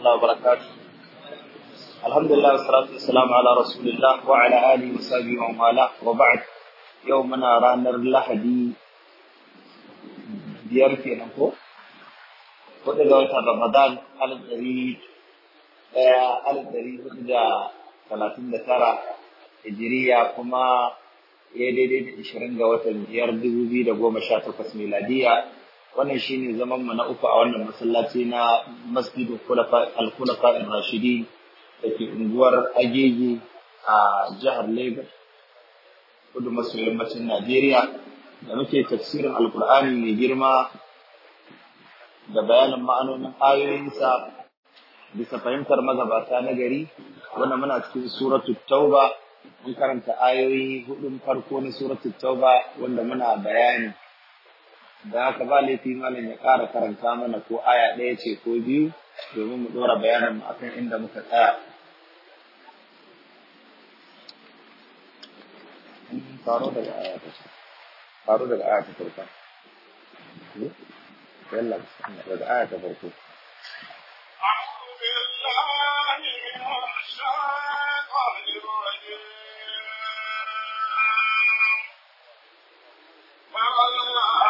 الله وبركاته الحمد لله والصلاة wa على رسول الله وعلى آله وصحبه ومن والاه وبعد يومنا رانا اللحدي biyar kenan ko hudu ga Ramadan alif ɗari ɗaya alif ɗari hudu da talatin da tara hijiriya kuma ya daidai da ga watan biyar dubu biyu da goma sha takwas miladiya wannan shine zaman mu na uku a wannan masallaci na Masjidu al kulafa Ar-Rashidi dake unguwar Agege a jihar Lagos kudu maso yammacin Najeriya da muke tafsirin Alkur'ani mai girma da bayanin ma'anonin ayoyinsa bisa fahimtar magabata na gari wannan muna cikin suratul Tauba mun karanta ayoyi hudun farko na suratul Tauba wanda muna bayani da haka ba laifi malam ya ƙara karanta mana ko aya ɗaya ce ko biyu domin mu ɗora bayanin mu akan inda muka tsaya. Faro daga aya ta Faro daga aya ta farko. Yalla daga aya ta farko. Allah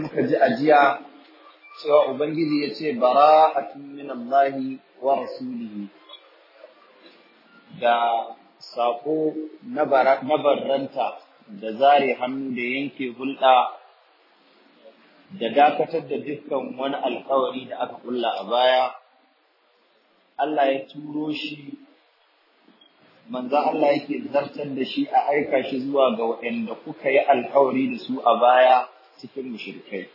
muka ji ajiya cewa Ubangiji ya ce bara'atun min Allahi wa rasulihi da saƙo na barranta da zare hannu da yanke hulɗa da dakatar da dukkan wani alkawari da aka kulla a baya Allah ya turo shi manzan Allah yake zartar da shi a aika shi zuwa ga waɗanda kuka yi alkawari da su a baya cikin mushrikai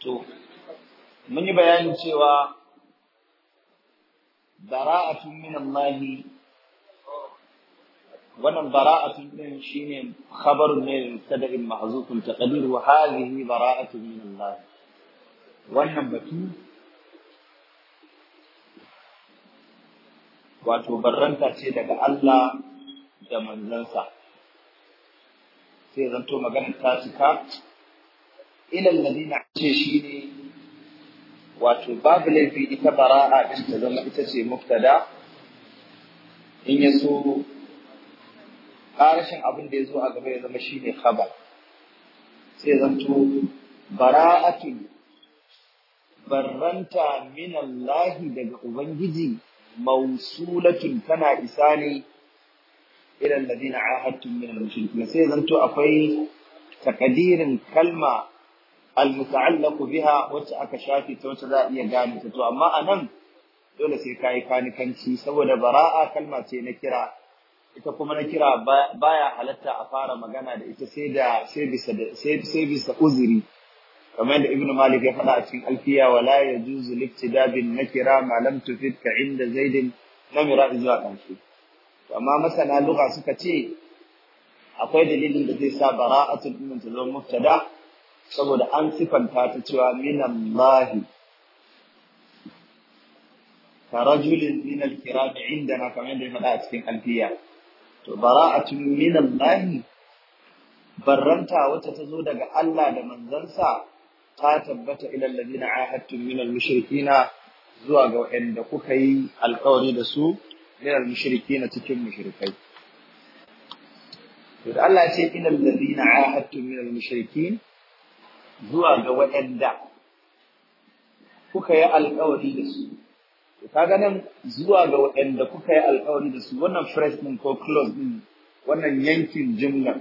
to mun yi bayanin cewa bara'atun min Allah wannan bara'atun din shine khabarun ne tadabin mahzufun taqdir wa hadhihi bara'atun min Allah wannan batu wato barranta ce daga Allah da manzansa sai to maganar ta cika ilal ladina ce shine wato babu laifi ita bara'a din ta zama ita ce muftada, in ya so Karashin abin da ya zo a gaba ya zama shine khabar sai to bara'atun barranta min Allah daga ubangiji mausulatun tana isa ne ila alladhina ahadtum min al-mushrikin sai zanto akwai takadirin kalma al-muta'allaqu biha wacce aka shafi ta wacce za a iya gane ta to amma anan dole sai kai kanikanci saboda bara'a kalma ce na kira ita kuma na kira baya halatta a fara magana da ita sai da sai bisa sai bisa uzuri kamar da ibnu malik ya faɗa a cikin alfiya wala yajuzu liftida bin nakira ma lam tufidka inda zaidin namira zuwa ƙarshe amma masana lugha suka ce akwai dalilin da zai sa bara'atul min tazam mubtada saboda an sifanta ta cewa minallahi ka rajulin min al-kiram indana kamar da ya faɗa a cikin alfiya to bara'atun min Allah barranta wacce ta zo daga Allah da manzansa ta tabbata ila alladhina ahadtum min al-mushrikina zuwa ga wanda kuka yi alƙawari da su min al-mushrikeena cikin mushrikai to da Allah ya ce inal ladina ahadtum min al-mushrikeen zuwa ga waɗanda kuka yi alƙawari da su to kaga nan zuwa ga waɗanda kuka yi alƙawari da su wannan phrase din ko clause din wannan yankin jumlar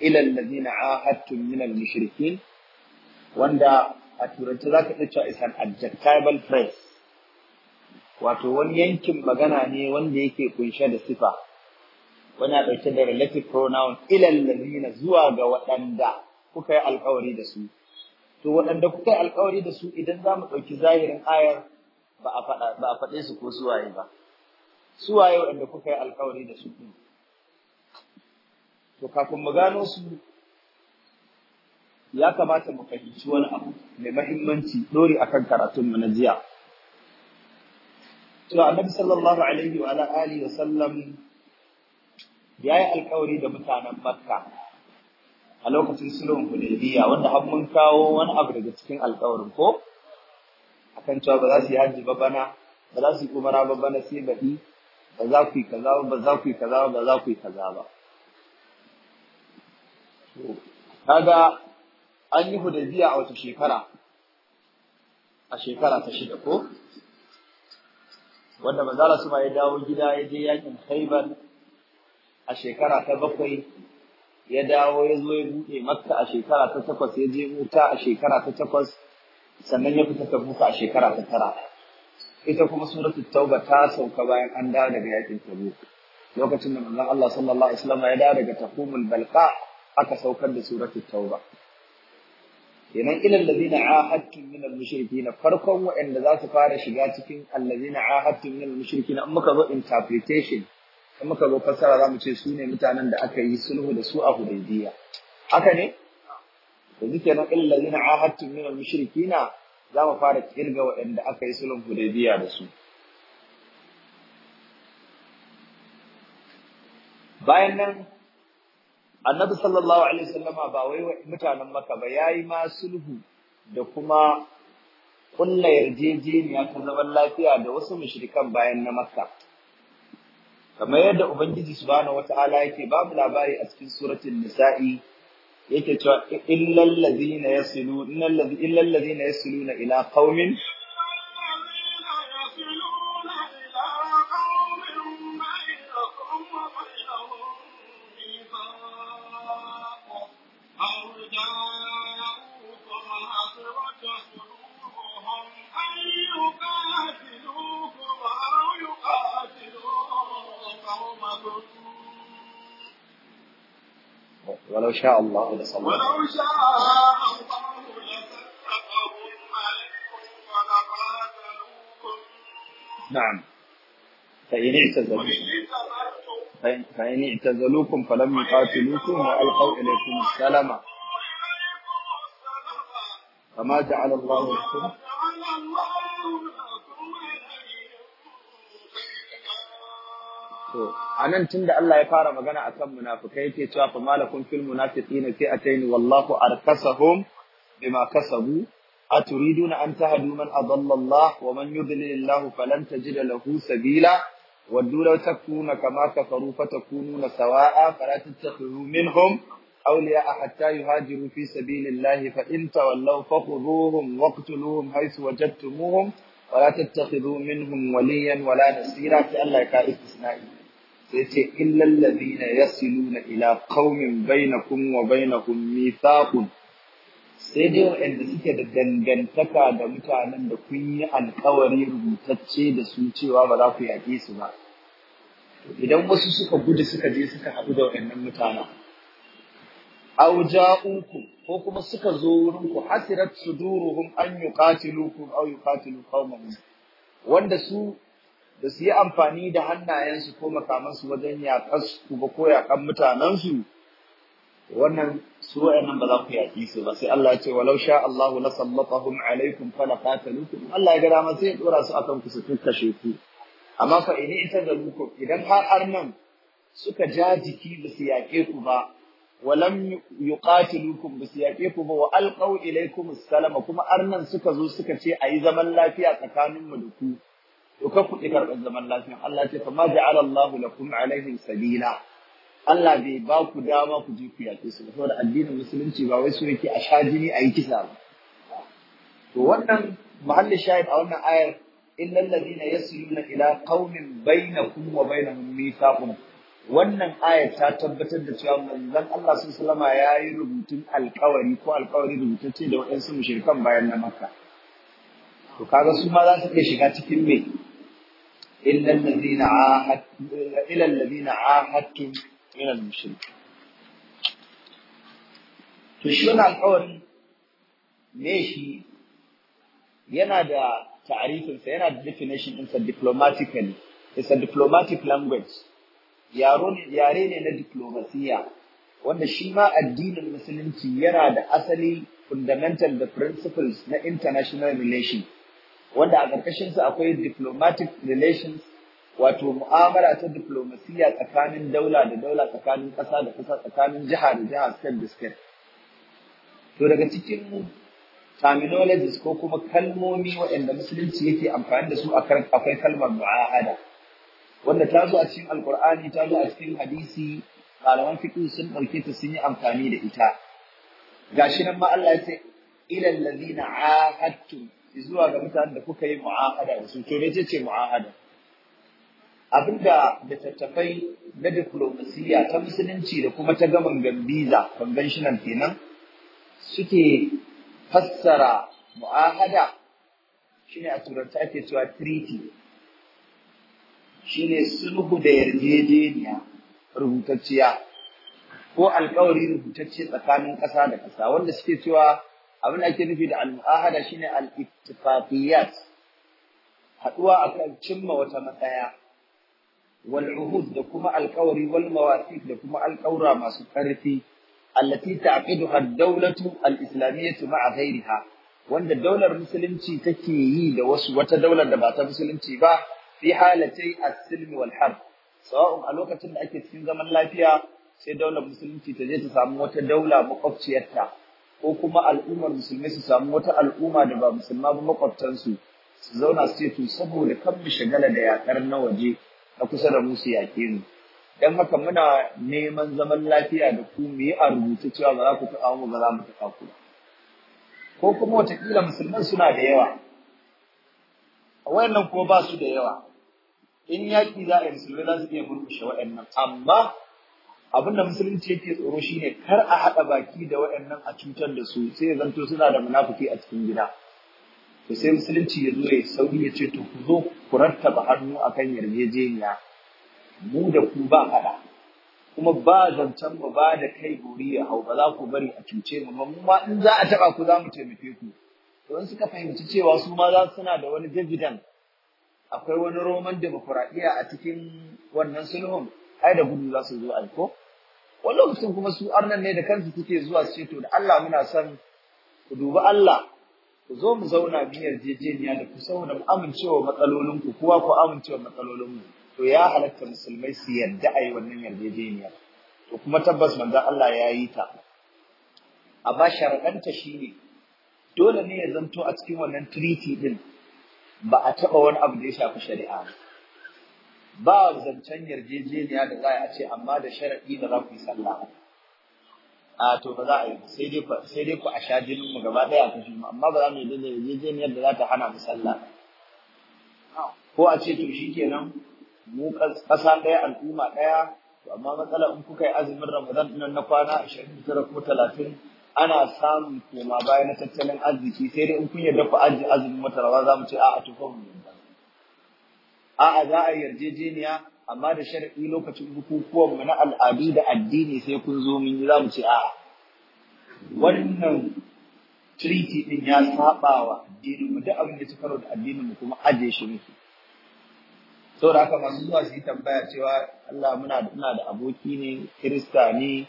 ilal ladina ahadtum min al-mushrikeen wanda a turanci zaka iya cewa is an adjectival phrase wato wani yankin magana ne wanda yake kunshe da sifa wani dauke da relative pronoun ilal ladina zuwa ga waɗanda kuka yi alƙawari da su to waɗanda kuka yi alƙawari da su idan zamu mu ɗauki zahirin ayar ba a faɗe su ko suwaye ba suwaye waɗanda kuka yi alƙawari da su to kafin mu gano su ya kamata mu fahimci wani abu mai mahimmanci ɗori akan karatun mu na jiya to annabi sallallahu alaihi wa alihi wa sallam yi alkawari da mutanen makka a lokacin sulhun hudaybiya wanda har mun kawo wani abu daga cikin alkawarin ko akan cewa ba za su yi hajji ba bana ba za su yi umara ba bana sai baɗi ba za ku yi kaza ba ba za ku yi kaza ba ba za ku yi kaza ba kaga an yi hudaybiya a wata shekara a shekara ta shida ko wanda manzala su ma ya dawo gida ya je yakin Khaibar a shekara ta bakwai ya dawo ya zo ya buɗe Makka a shekara ta takwas ya je Muta a shekara ta takwas sannan ya fita Tabuka a shekara ta tara ita kuma suratu Tauba ta sauka bayan an dawo daga yakin Tabuk lokacin da manzon Allah sallallahu alaihi wasallam ya dawo daga Taqumul Balqa aka saukar da suratu Tauba kenan ilal ladina ahadtum min al mushrikin farkon waɗanda za su fara shiga cikin allazina ahadtum min al mushrikin in muka zo interpretation in muka zo fassara za mu ce su ne mutanen da aka yi sulhu da su a hudaybiya haka ne yanzu kenan ilal ladina ahadtum min al mushrikin za mu fara kirga waɗanda aka yi sulhun hudaybiya da su bayan nan annabi sallallahu alaihi wasallama ba wai mutanen maka ba yayi ma sulhu da kuma kulla yarjejeniya ta zaman lafiya da wasu mushrikan bayan na makka kamar yadda ubangiji subhanahu wataala yake babu labari a cikin suratul nisa'i yake cewa illal ladina yasilu illal ladina yasiluna ila qaumin شاء الله لصلى ولو شاء الله لزلقهم عليكم نعم فإن اعتزلوكم فإن, فإن اعتزلوكم فلم يقاتلوكم وألقوا إليكم السلام فما جعل الله لكم to anan tunda Allah ya fara magana a kan munafukai yake cewa fa malakum fil munafiqina fi'atayn wallahu arkasahum bima kasabu aturiduna an tahdu man adalla Allah wa man yudlil Allah falan tajida lahu sabila waddu law takuna kama kafaru fatakununa sawa'a fala tattakhidhu minhum a hatta yuhajiru fi sabilillahi fa in tawallaw fakhudhuhum waqtuluhum haythu wajadtumuhum ولا تتخذوا منهم وليا ولا نصيرا في الله sai ce illal ladina na ila qaumin bainakum wa bainahum mitakun sai dai waɗanda suke da dangantaka da mutanen da kun yi alkawari rubutacce da su cewa ba za ku yaƙe su ba idan wasu suka gudu suka je suka haɗu da waɗannan mutanen au ja'ukum ko kuma suka zo wurin ku hasirat suduruhum an yuqatilukum aw yuqatilu qaumahum wanda su da su yi amfani da hannayensu ko makamansu wajen yaƙas ku ba ko yaƙan mutanensu wannan su wa'annan ba za ku yaƙi su ba sai Allah ya ce walau sha Allah la sallatahum alaikum fala qatalukum Allah ya ga dama sai ya dora su akan ku su kashe ku amma fa ina ita da muku idan har Arnan suka ja jiki ba su yaƙe ku ba walam yuqatilukum ba su yaƙe ku ba wa alqaw ilaykum salama kuma arnan suka zo suka ce ayi zaman lafiya tsakaninmu da ku to kan kuɗi karɓar zaman lafiya Allah ce fa ma ja'ala Allahu lakum alaihim sabila Allah bai ba ku dama ku je ku yaƙe su saboda addinin musulunci ba wai su yake a sha jini a yi kisa ba to wannan mahalli shahid a wannan ayar ya ladina yasluna ila qaumin bainakum wa bainahum mithaqun wannan ayar ta tabbatar da cewa manzon Allah sun salama ya yi rubutun alkawari ko alkawari rubutacce da waɗansu mushrikan bayan na Makka to kaga su ma za su iya shiga cikin me إلا الذين عاهد إلى الذين عاهدتم من المشركين to shi wannan alƙawarin me shi yana da ta'arifinsa yana da definition ɗinsa it's a diplomatic language yare ne na diplomasiya wanda shi ma addinin musulunci yana da asali fundamental da principles na international relation wanda a ƙarƙashin su akwai diplomatic relations wato mu'amala ta diplomasiya tsakanin daula da daula tsakanin ƙasa da ƙasa tsakanin jiha da jiha state da state to daga cikin terminologies ko kuma kalmomi waɗanda musulunci yake amfani da su akwai kalmar mu'ahada wanda ta zo a cikin alkur'ani ta zo a cikin hadisi malaman fiqh sun ɗauke ta sun yi amfani da ita gashi nan ma Allah ya ce ilal ladina ahadtum zuwa ga mutanen da kuka yi mu'ahada da su to ne ce mu'ahada abinda da tattafai na diplomasiya ta musulunci da kuma ta gaban gambiza conventional kenan suke fassara mu'ahada shine a turanta ake cewa treaty shine sulhu da yarjejeniya rubutacciya ko alkawari rubutacce tsakanin ƙasa da ƙasa wanda suke cewa abin da ake nufi da al-mu'ahada shine al haɗuwa a kan cimma wata matsaya wal da kuma alkawari wal mawathiq da kuma alkaura masu ƙarfi allati ta'qiduha ad daulatu al-islamiyyah ma'a ghayriha wanda daular musulunci take yi da wasu wata daular da ba ta musulunci ba fi halatai as-silm wal harb sawa'un a lokacin da ake cikin zaman lafiya sai daular musulunci ta je ta samu wata daula makwabciyarta ko kuma al'ummar musulmi su samu wata al'umma da ba musulma ba makwabtansu su zauna su ce to saboda kan mu shagala da yakar na waje na kusa da musu yaƙe mu dan haka muna neman zaman lafiya da ku mu yi a rubuce cewa ba za ku taɓa mu ba za mu taɓa ku ko kuma watakila musulman suna da yawa a wayannan kuma ba su da yawa in yaƙi za a yi musulmai za su iya murƙushe waɗannan amma abin da musulunci yake tsoro shine kar a haɗa baki da waɗannan a cutar da su sai zanto suna da munafuki a cikin gida to sai musulunci ya zo ya sauri ya ce to ku zo ku rattaba hannu kan yarjejeniya mu da ku ba haɗa kuma ba zancen mu ba da kai gori ya hau ba za ku bari a cuce mu ba mu ma in za a taɓa ku za mu taimake ku don suka fahimci cewa su ma za suna da wani jagidan akwai wani roman demokuraɗiyya a cikin wannan sulhun ai da gudu za su zo ai ko wani lokacin kuma su arnan ne da kansu kuke zuwa su ce to da Allah muna son ku dubi Allah ku zo mu zauna mu yarjejeniya da ku saboda mu amincewa matsalolinku kowa ku amincewa matsalolinmu to ya halatta musulmai su yarda a yi wannan yarjejeniya to kuma tabbas manzan Allah ya yi ta amma sharaɗanta ne. dole ne ya zanto a cikin wannan treaty din ba a taɓa wani abu da ya shafi shari'a ba ba zancen yarjejeniya da za a ce amma da sharaɗi da za ku yi sallah a to ba za a yi sai dai ku sai dai ku a sha jinin mu gaba daya ta jima amma ba za mu yi da yarjejeniyar da za ta hana mu sallah ko a ce to shikenan mu ƙasa ɗaya al'umma ɗaya to amma matsala in kuka yi azumin Ramadan ɗin na kwana tara ko talatin, ana samun koma baya na tattalin arziki sai dai in kun yarda ku ajiye azumin wata rawa za mu ce a'a to fa mu a'a za a yarjejeniya amma da shar'i lokacin bukukuwan mu na al'adu da addini sai kun zo mun yi za mu ce a'a wannan treaty din ya saba wa mu da abin da ya karo da addinin mu kuma aje shi muke da haka masu zuwa su yi tambaya cewa Allah muna da ina da aboki ne kirista ne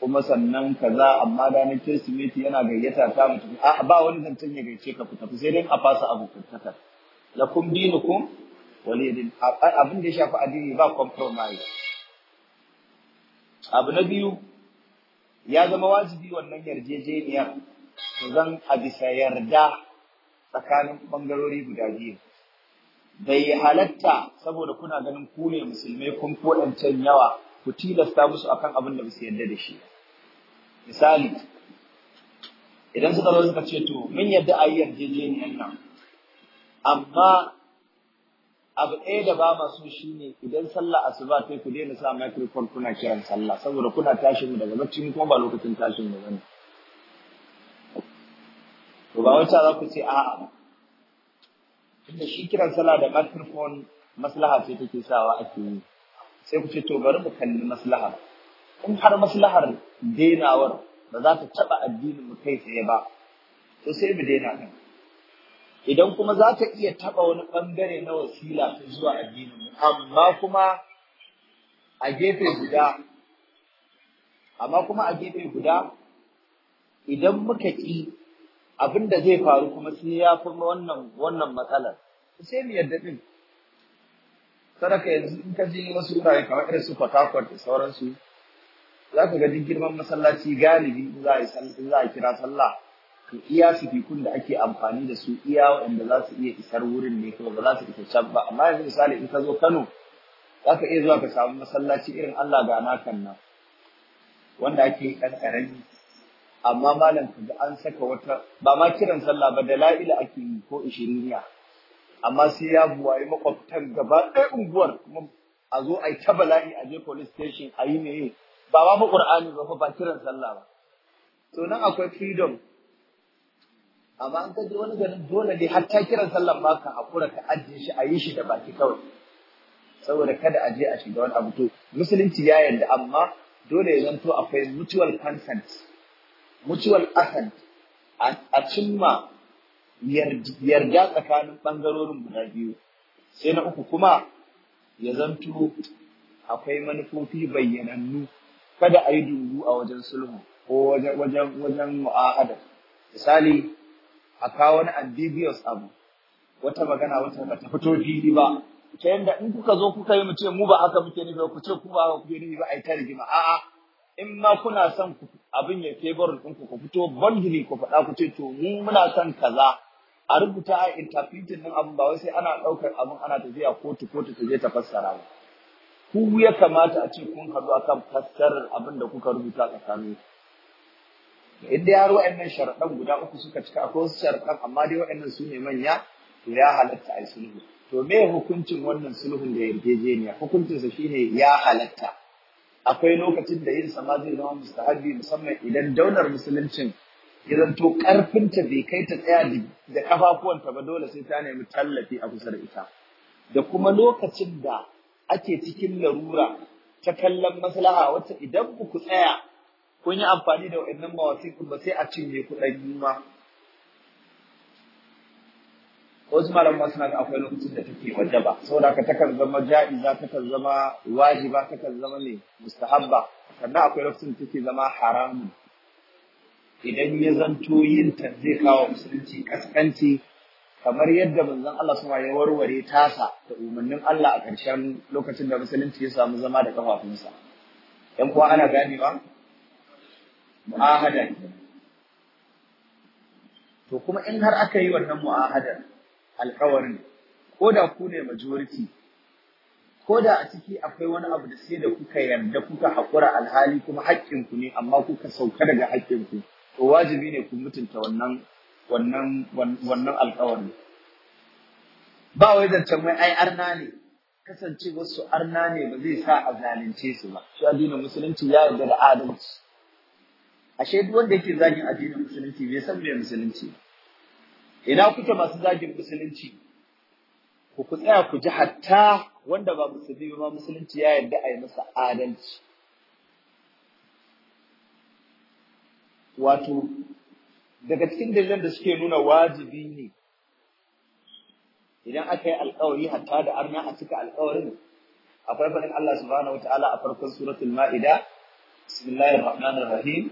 kuma sannan kaza amma da na kirsimeti yana gayyata ta mutum a ba wani zancen ya gaice ka ku tafi sai dai a fasa abu kuntaka lakum dinukum walidin abin da ya shafi addini ba compromise abu na biyu ya zama wajibi wannan yarjejeniya zan a bisa yarda tsakanin bangarori guda biyu bai halatta saboda kuna ganin ku ne musulmai kun fi waɗancan yawa ku tilasta musu akan abin da ba su yarda da shi misali idan suka zo suka ce to mun yarda a yi yarjejeniyar nan amma abu ɗaya da ba masu shi ne idan sallah asuba sai ku daina sa microphone kuna kiran sallah saboda kuna tashin mu daga bacci kuma ba lokacin tashin mu bane to ba wata za ku ce a'a tunda shi kiran sallah da microphone maslaha ce take sawa ake yi sai ku ce to bari mu kalli maslaha in har maslahar dainawar ba za ta taɓa addinin mu kai tsaye ba to sai mu daina kan idan kuma za ta iya taɓa wani bangare na wasila ta zuwa addinin amma kuma a gefe guda amma kuma a gefe guda idan muka ƙi abin da zai faru kuma sai ya fi wannan wannan matsalar sai mu yarda din sadaka yanzu in ka ji wasu wurare kamar irin su Fatakwal da sauransu za ka ga girman masallaci galibi za a kira sallah to iya sifikun da ake amfani da su iya wanda za su iya isar wurin ne kuma ba za su isa can ba amma yanzu misali in ka zo Kano za ka iya zuwa ka samu masallaci irin Allah ga nakan nan wanda ake dan karami amma malam ka ga an saka wata ba ma kiran sallah ba da la'ila ake yi ko ishiriniya amma sai ya buwaye makwabtan gaba ɗaya unguwar kuma a zo a yi ta bala'i a je police station a yi ne ba ma fa ƙur'ani ba fa ba kiran sallah ba to nan akwai freedom amma an kaji wani garin dole ne har ta kiran sallan maka ka hakura ka ajiye shi a yi shi da baki kawai saboda kada a je a shiga wani abu to musulunci ya yarda amma dole ya zanto akwai mutual consent mutual assent a cimma yarda tsakanin bangarorin guda biyu sai na uku kuma ya zanto akwai manufofi bayyanannu kada a yi dungu a wajen sulhu ko wajen wajen misali a kawo wani ambiguous abu wata magana wata ba ta fito fili ba ta yanda in kuka zo kuka yi mu ce mu ba haka muke ni ba ku ce ku ba haka kuke nufi ba ai ta rigima a'a in ma kuna son abin ya favor din ku ku fito boldly ku faɗa ku ce to mu muna son kaza a rubuta a interpreting din abin ba wai sai ana ɗaukar abin ana tafiya kotu kotu ta je ta fassara ba ku ya kamata a ce kun haɗu akan fassarar abin da kuka rubuta tsakanin in dai yaro wa'annan sharaɗan guda uku suka cika akwai wasu sharaɗan amma dai wa'annan su ne manya to ya halatta a sulhu to me hukuncin wannan sulhun da yarjejeniya hukuncinsa shine ya halatta akwai lokacin da yin sama zai zama mustahabi musamman idan daular musuluncin ya zanto ta bai kai ta tsaya da kafafuwanta ba dole sai ta nemi tallafi a kusa da ita da kuma lokacin da ake cikin larura ta kallon maslaha wacce idan ku tsaya kun yi amfani da wa'annan mawasikin ba sai a cinye kuɗin ma wasu malaman suna ga akwai lokacin da take waje ba saboda aka takan zama ta kan zama ta kan zama ne mustahabba sannan akwai lokacin da take zama haramun idan ya zanto yin ta zai kawo musulunci kaskanci kamar yadda manzon Allah sama ya warware tasa da umarnin Allah a ƙarshen lokacin da musulunci ya samu zama da ƙafafunsa. ‘Yan kuwa ana ganewa? mu'ahada to kuma in har aka yi wannan mu'ahadar alkawari ko da ku ne majority ko da a ciki akwai wani abu da sai da kuka yarda kuka haƙura alhali kuma haƙƙinku ne amma kuka sauka daga haƙƙinku to wajibi ne ku mutunta wannan wannan wannan alkawari ba wai zancen wai ai arna ne kasance wasu arna ne ba zai sa a zalunce su ba shi addinin musulunci ya yarda da adalci ashe duk wanda yake zagin addinin musulunci bai san me musulunci ina kuke masu zagin musulunci ku ku tsaya ku ji hatta wanda ba musulmi ba musulunci ya yarda a yi masa adalci wato daga cikin dalilan da suke nuna wajibi ne idan aka yi alkawari hatta da arna a cika alkawarin akwai faɗin Allah subhanahu wataala a farkon suratul ma'ida بسم الله الرحمن الرحيم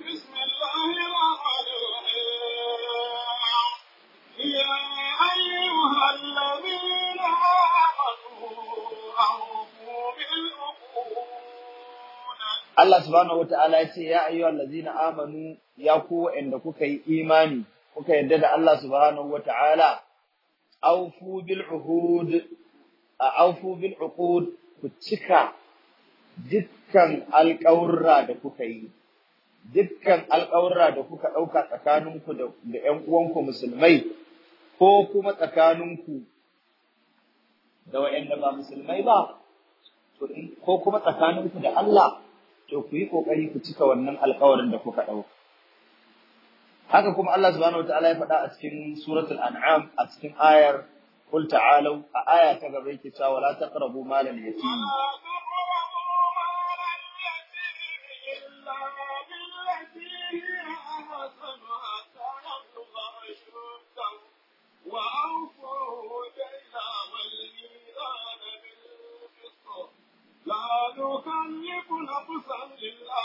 Allah subhanahu ta'ala ya ce ya ayyuha allazina amanu ya ku inda kuka yi imani kuka yarda da Allah subhanahu wata'ala aufu bil uhud aufu bil uqud ku cika dukkan alƙawurra da kuka yi dukkan alƙawurra da kuka ɗauka tsakaninku da ‘yan uwanku musulmai ko kuma tsakaninku da wa'yanda ba musulmai ba ko kuma tsakaninku da Allah to ku yi ƙoƙari ku cika wannan alƙawarin da kuka ɗauka. Haka kuma Allah subhanahu wa ta'ala ya faɗa a cikin suratul an'am a cikin ayar قل تعالوا آية كذا بيك ولا taqrabu malal yatim نفسا إلا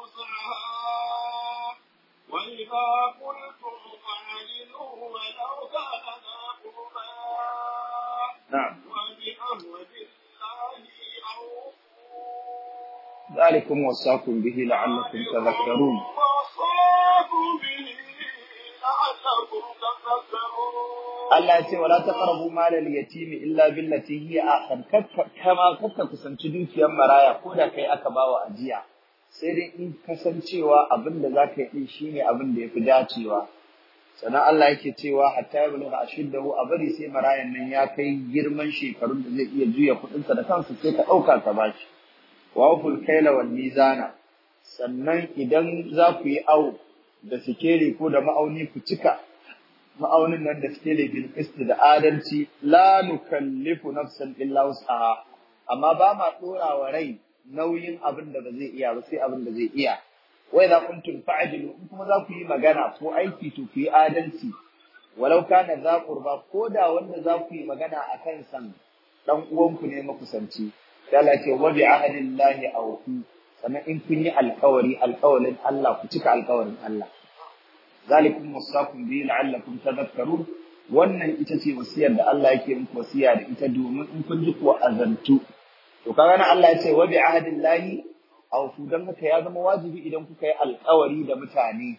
وسعها وإذا قلتم فاعدلوا ولو كان ذا قربى نعم وبأمر الله أوفوا ذلكم وصاكم به لعلكم تذكرون وصاكم به Allah ya ce wala taqrabu malal yatimi illa billati hiya ahsan kama kuka kusanci dukiyar maraya ko da kai aka bawa ajiya sai dai in kasancewa abin da zaka yi din shine abin da yafi dacewa sannan Allah yake cewa hatta yablugha ashiddahu a bari sai marayan nan ya kai girman shekarun da zai iya juya sa da kansa sai ka ɗauka ka bashi wa ful kaila wal mizana sannan idan za ku yi awo da sikeri ko da ma'auni ku cika ma'aunin nan da suke bil qisti da adalci la nukallifu nafsan illa wus'aha amma ba ma dora wa rai nauyin abin da ba zai iya ba sai abin da zai iya wai za kuntum fa'dilu in kuma za ku yi magana ko aiki to ku yi adalci walau kana za qurba ko da wanda za ku yi magana a kan san dan uwanku ne makusanci Allah ce wa bi ahdillahi awfu sannan in kun yi alkawari alkawarin Allah ku cika alkawarin Allah zalikum wasakum bi la'allakum tadhakkarun wannan ita ce wasiyar da Allah yake muku wasiya da ita domin in kun ji ku azantu to kaga nan Allah ya ce wa bi ahdillahi aw fu dan haka ya zama wajibi idan kuka yi alƙawari da mutane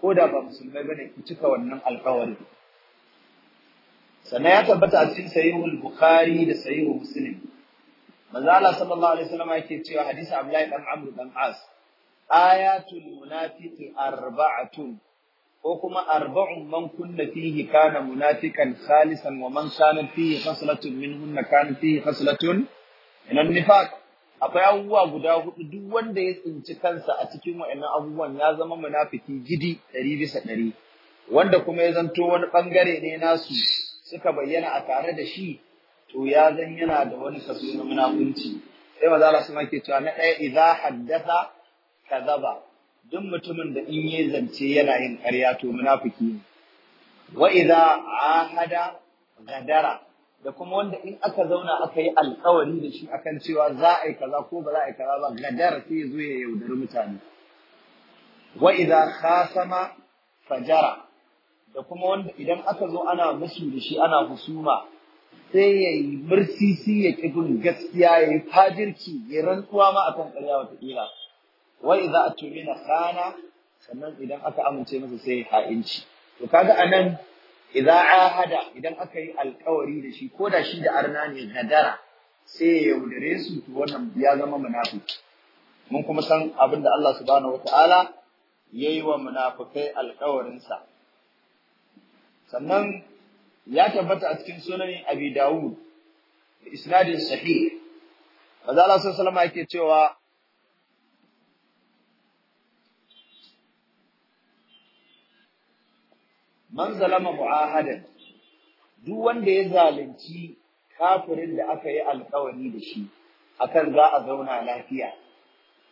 ko da ba musulmai bane ku cika wannan alƙawari sannan ya tabbata a cikin sahihul bukhari da sahihul muslim manzo Allah sallallahu alaihi wasallam yake cewa hadisi Abdullahi dan Amr dan As ayatul munafiqi arba'atun ko kuma arba'un man kunna fihi kana munafikan salisan wa man kana fihi khaslatun minhunna kana fihi khaslatun minan nifaq akwai abubuwa guda hudu duk wanda ya tsinci kansa a cikin wa'annan abubuwan ya zama munafiki gidi ɗari bisa ɗari wanda kuma ya zanto wani bangare ne nasu suka bayyana a tare da shi to ya zan yana da wani kaso na munafunci sai maza Allah cewa na ɗaya idza haddatha kadhaba duk mutumin da in yi zance yana yin ƙarya to munafiki ne wa idza ahada gadara da kuma wanda in aka zauna aka yi alƙawari da shi akan cewa za a yi kaza ko ba za a yi kaza ba gadara sai zo ya yaudari mutane wa idza khasama fajara da kuma wanda idan aka zo ana musu da shi ana husuma sai ya yi mursisi ya ƙi gaskiya ya yi fajirci ya rantsuwa ma akan ƙarya wata ƙila Wai za a atumina sana sannan idan aka amince masa sai ha'inci to kaga anan idza ahada idan aka yi alkawari da shi ko da shi da arna ne gadara sai ya yaudare su to wannan ya zama munafiki mun kuma san abin da Allah subhanahu wataala yayi wa munafikai alkawarin sa sannan ya tabbata a cikin sunan Abi Dawud isnadin sahih Allah sallallahu alaihi wasallam yake cewa man zalama mu'ahadan duk wanda ya zalunci kafirin da aka yi alkawari da shi akan za a zauna lafiya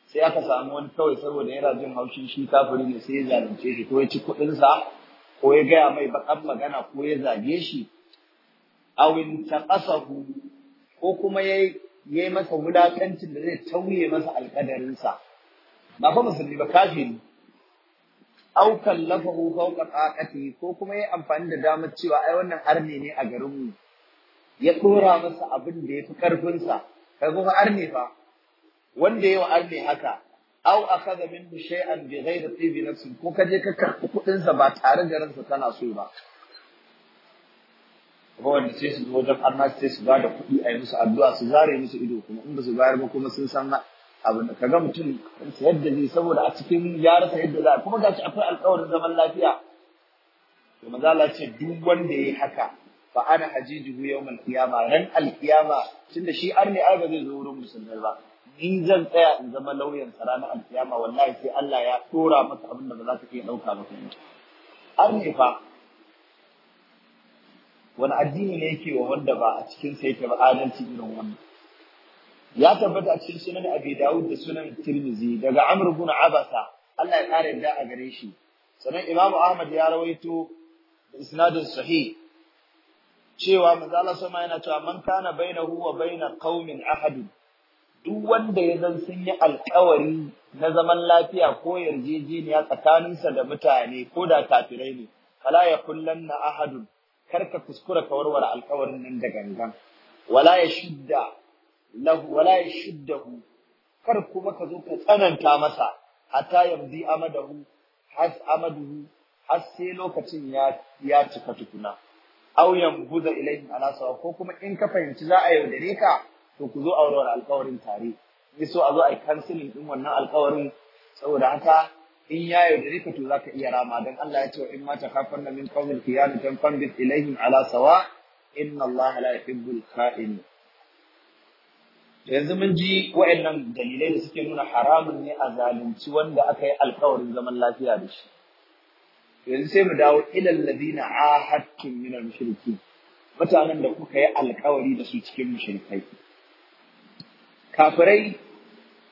sai aka samu wani kawai saboda yana jin haushin shi kafirin ne sai ya zalunce shi ko ya ci sa ko ya gaya mai bakan magana ko ya zage shi awin taqasahu ko kuma yayi yayi masa wulakancin da zai tauye masa alkadarinsa ba fa musulmi ba kafiri au kallafahu fawqa taqati ko kuma yayi amfani da damar cewa ai wannan arne ne a garin mu ya dora masa abin da yafi karfin sa kaga kuma arne fa wanda yayi arne haka au akhadha minhu shay'an bi ghayri tibi nafsi ko kaje ka karɓi kuɗinsa sa ba tare da ransa kana so ba ko wanda sai su wajen arna sai su ba da kuɗi a yi musu addu'a su zare musu ido kuma in ba su bayar ba kuma sun san abin ka ga mutum yadda zai saboda a cikin ya rasa yadda za kuma gashi akwai alƙawarin zaman lafiya to maza Allah ce duk wanda yayi haka fa ana hajijuhu yawmal qiyama ran alqiyama tunda shi ne ai ba zai zo wurin musulmi ba in zan tsaya in zama lauyan sa ranar alqiyama wallahi sai Allah ya tora masa abin da ba za ta iya dauka ba kai arni fa wani addini ne yake wa wanda ba a cikin sa yake ba adalci irin wannan ya tabbata a cikin sunan Abi Dawud da sunan Tirmidhi daga Amr ibn Abasa Allah ya kare da a gare shi sanan Imam Ahmad ya rawaito da isnadin sahih cewa manzo Allah sama yana cewa man kana bainahu wa baina qaumin ahad duk wanda ya zan sun yi alkawari na zaman lafiya ko yarjejeniya tsakaninsa da mutane ko da kafirai ne fala ya kullanna ahadun karka kuskura ka warware alkawarin nan da gangan wala ya shidda lahu wala yashuddahu kar kuma ka zo ka tsananta masa hatta yamdi amadahu has hu, har sai lokacin ya ya cika tukuna aw yambuza ilayhi ala sawa ko kuma in ka fahimci za a yaudare ka to ku zo aurewar alƙawarin tare ni so a zo a cancelling din wannan alƙawarin saboda haka in ya yaudare ka to za ka iya rama dan Allah ya ce wa in ma na min qawmin khiyanatan fambit ilayhi ala sawa inna Allah la yuhibbul kha'in yanzu mun ji wa'annan dalilai da suke nuna haramun ne a zalunci wanda aka yi alkawarin zaman lafiya da shi yanzu sai mu dawo ilal ladina ahadtum min al mutanen da kuka yi alkawari da su cikin mushrikai kafirai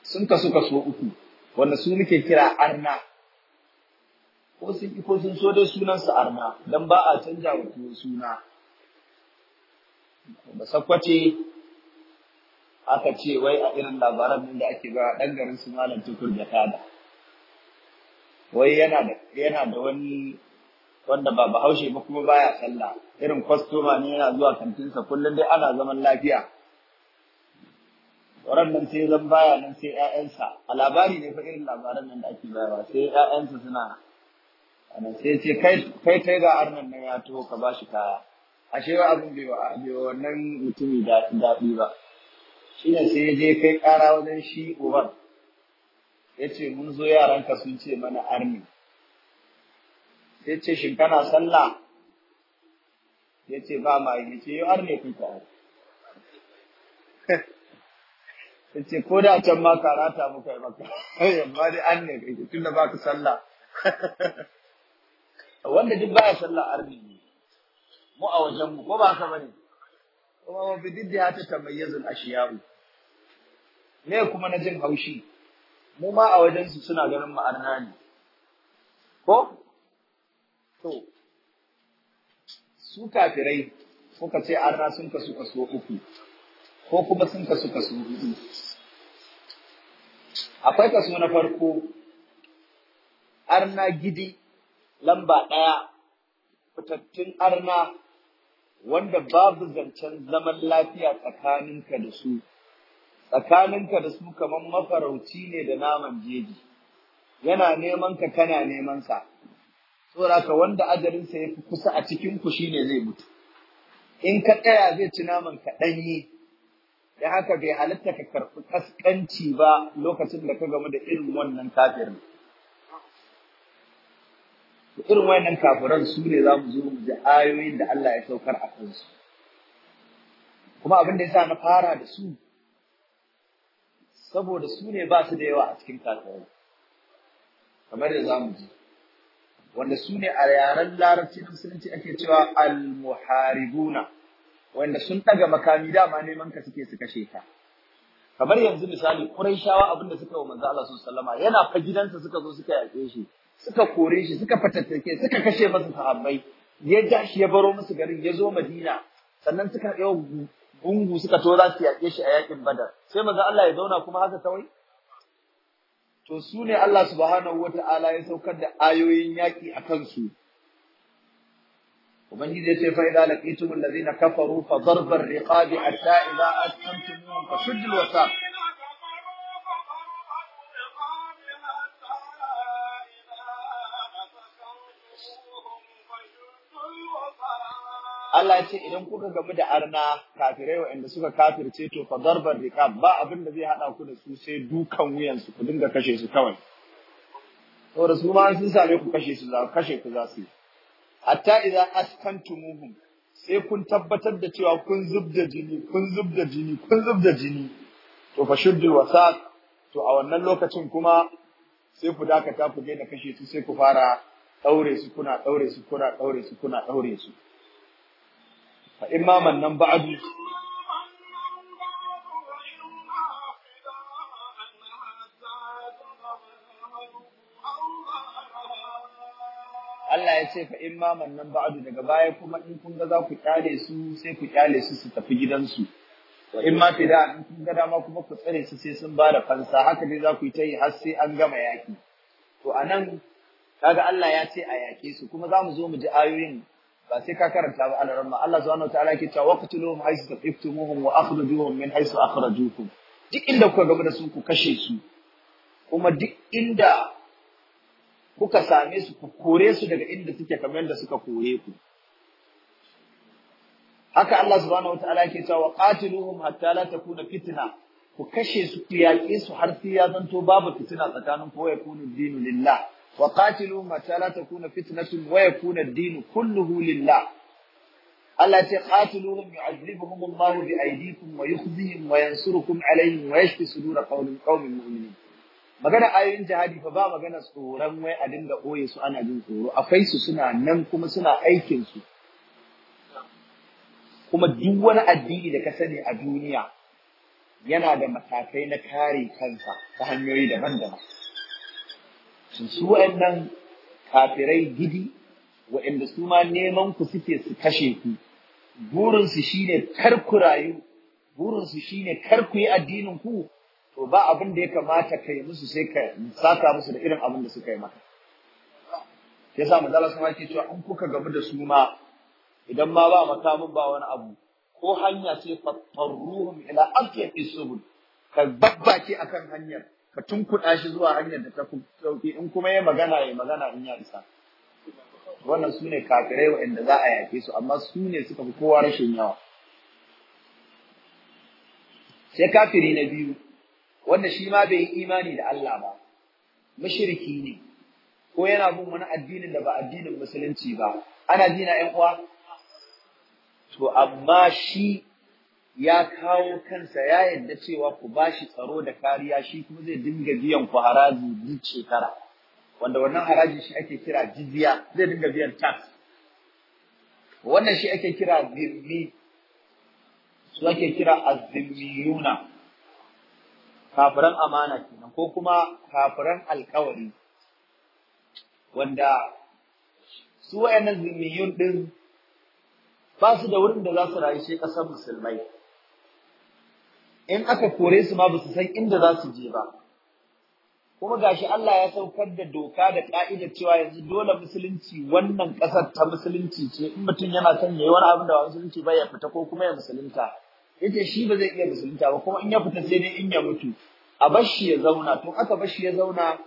sun kasu kaso uku wanda su muke kira arna ko sun ko sun so da su arna dan ba a canja wa suna ba sakwace aka ce wai a irin labaran nan da ake ba dan garin su malam tukur da kada wai yana da yana da wani wanda ba bahaushe ba kuma baya sallah irin kwastoma ne yana zuwa kantinsa kullum dai ana zaman lafiya Waran nan sai zan baya nan sai ƴaƴansa a labari ne fa irin labaran nan da ake bayarwa sai ƴaƴansa suna ana sai ce kai kai kai ga arnan nan ya taho ka bashi kaya ashe ba abin bai wa wannan mutumi da daɗi ba shi ne sai je kai ƙara wajen shi uban ya ce mun zo yaranka sun ce mana arni sai ce shi kana sallah ya ce ba ma yi ce yau arni kun ta ya ce ko da can ma karata muka yi maka yamma dai arni kai tun da ba ka sallah wanda duk baya sallah arni ne mu a wajenmu ko ba ka bane kuma wa bididda ta tamayyazul ashiya'u Ne kuma na jin haushi mu ma a wajensu suna ganin ma'arna ne ko to su kafirai kuka ce arna sun kasu kaso uku ko kuma sun kasu kaso hudu akwai kaso na farko arna gidi lamba ɗaya fitattun arna wanda babu zancen zaman lafiya tsakaninka da su tsakaninka da su kamar mafarauci ne da naman jeji yana neman ka kana neman sa saboda ka wanda ajalinsa ya fi kusa a cikin ku shine zai mutu in ka tsaya zai ci naman ka yi, da haka bai halatta ka karɓi kaskanci ba lokacin da ka gamu da irin wannan kafirin irin wayannan kafiran su ne za mu zo mu ji ayoyin da Allah ya saukar a kansu kuma abin da yasa na fara da su saboda su ne ba su da yawa a cikin kafirai kamar da zamu ji wanda su ne a yaren larabci na musulunci ake cewa al-muharibuna wanda sun daga makami dama neman ka suke su kashe ka kamar yanzu misali Qurayshawa abin da suka wa manzo Allah sallallahu alaihi yana fa gidansa suka zo suka yake shi suka kore shi suka fatattake suka kashe masa sahabbai ya ja ya baro musu garin ya zo Madina sannan suka yau ungu suka to za su yaƙe shi a yaƙin badar sai maza Allah ya zauna kuma haka kawai to su ne Allah subhanahu wata'ala ya saukar da ayoyin yaƙi a kansu ubangiji ya ce fa idza laqitum allazina kafaru fa darbar riqabi hatta idza atkamtum fa shuddul wasaq Allah ya ce idan kuka gamu da arna kafirai waɗanda suka kafirce to fa darbar rikab ba abin da zai hada ku da su sai dukan wuyan su ku dinga kashe su kawai to su ma sun same ku kashe su za kashe ku za su hatta idza askantumuhum sai kun tabbatar da cewa kun zubda jini kun zubda jini kun zubda jini to fa shuddu wasaq to a wannan lokacin kuma sai ku dakata ku daina kashe su sai ku fara daure su kuna daure su kuna daure su kuna daure su fa imma mannan ba'adu. Allah ya ce fa in ma mannan ba'adu, daga baya kuma in kun ga za ku kyale su sai ku kyale su su tafi gidansu wa in ma fida in kun ga dama kuma ku tsare su sai sun bada fansa haka dai za ku yi ta yi har sai an gama yaki to anan kaga Allah ya ce a yake su kuma za mu zo mu ji ayoyin ba sai ka karanta ba alaran ma Allah subhanahu wataala yake cewa waqtuluhum haythu taqiftumuhum wa akhrijuhum min haythu akhrajukum duk inda kuka gaba da su ku kashe su kuma duk inda kuka same su ku kore su daga inda suke kamar yadda suka kore ku haka Allah subhanahu wataala yake cewa qatiluhum hatta la takuna fitna ku kashe su ku yaƙe su har sai ya zanto babu fitina tsakanin ku ya kunu dinu lillah wa qatilu mata la takuna fitnatun wa yakuna ad-din kulluhu lillah Allah ce qatiluhum yu'adhibuhum Allah bi aydikum wa yukhzihim wa yansurukum alayhim wa yashfi sudur qawmin qawmin mu'minin magana ayoyin jihadi fa ba magana tsoron wai a dinga koye su ana jin tsoro akwai su suna nan kuma suna aikinsu. kuma duk wani addini da ka sani a duniya yana da matakai na kare kansa ta hanyoyi daban-daban su waɗannan kafirai gidi waɗanda su ma neman ku suke su kashe ku burinsu shine kar ku rayu burinsu shine kar ku yi addinin ku to ba abin da ya kamata kai musu sai ka saka musu da irin abin da suka yi maka yasa manzala sama ke cewa an kuka gamu da su ma idan ma ba makamin ba wani abu ko hanya sai fattaruhum ila aqyati subul ka babbake akan hanyar ka tunkuɗa shi zuwa hanyar da ta fi sauki in kuma ya magana ya magana in ya isa wannan su ne kafirai waɗanda za a yaƙe su amma su ne suka fi kowa rashin yawa sai kafiri na biyu wanda shi ma bai yi imani da Allah ba Mashiriki ne ko yana bin wani addinin da ba addinin musulunci ba ana dina ƴan uwa to amma shi ya kawo kansa ya yadda cewa ku bashi tsaro da kariya shi kuma zai dinga biyan ku haraji duk shekara wanda wannan haraji shi ake kira jizya zai dinga biyan tax wannan shi ake kira zimmi su ake kira azzimiyuna kafiran amana kenan ko kuma kafiran alkawari wanda su wayannan zimmiyun din ba su da wurin da za su rayu shi kasar musulmai in aka kore su ma ba su san inda za su je ba kuma gashi Allah ya saukar da doka da ka'idar cewa yanzu dole musulunci wannan ƙasar ta musulunci ce in mutum yana son yayi wani abin da ba musulunci ba ya fita ko kuma ya musulunta yace shi ba zai iya musulunta ba kuma in ya fita sai dai in ya mutu a bar shi ya zauna to aka bar shi ya zauna